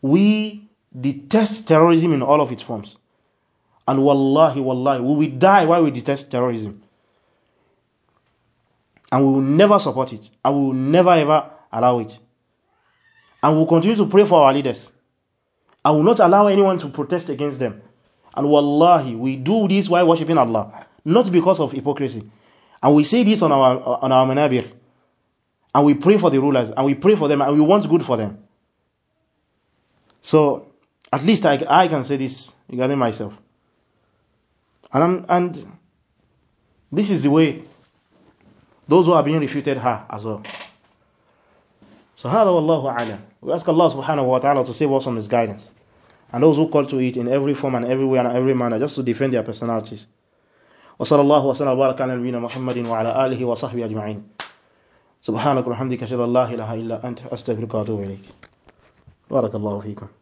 we detest terrorism in all of its forms. And wallahi, wallahi, we will die while we detest terrorism. And we will never support it. And we will never ever allow it. And we will continue to pray for our leaders. I will not allow anyone to protest against them. And wallahi, we do this while worshipping Allah, not because of hypocrisy. And we say this on our on our manabir. And we pray for the rulers, and we pray for them, and we want good for them. So, at least I, I can say this regarding myself. And, I'm, and this is the way those who are being refuted are as well. So, هذا والله أعلم. We ask Allah subhanahu wa ta'ala to save us from His guidance. And those who call to it in every form and everywhere and every manner just to defend their personalities. وصلى الله وسلم وبارك على نبينا محمد وعلى آله وصحبه أجمعين سبحانك وبحمدك أشهد أن لا إله إلا أنت أستغفرك وأتوب إليك بارك الله فيكم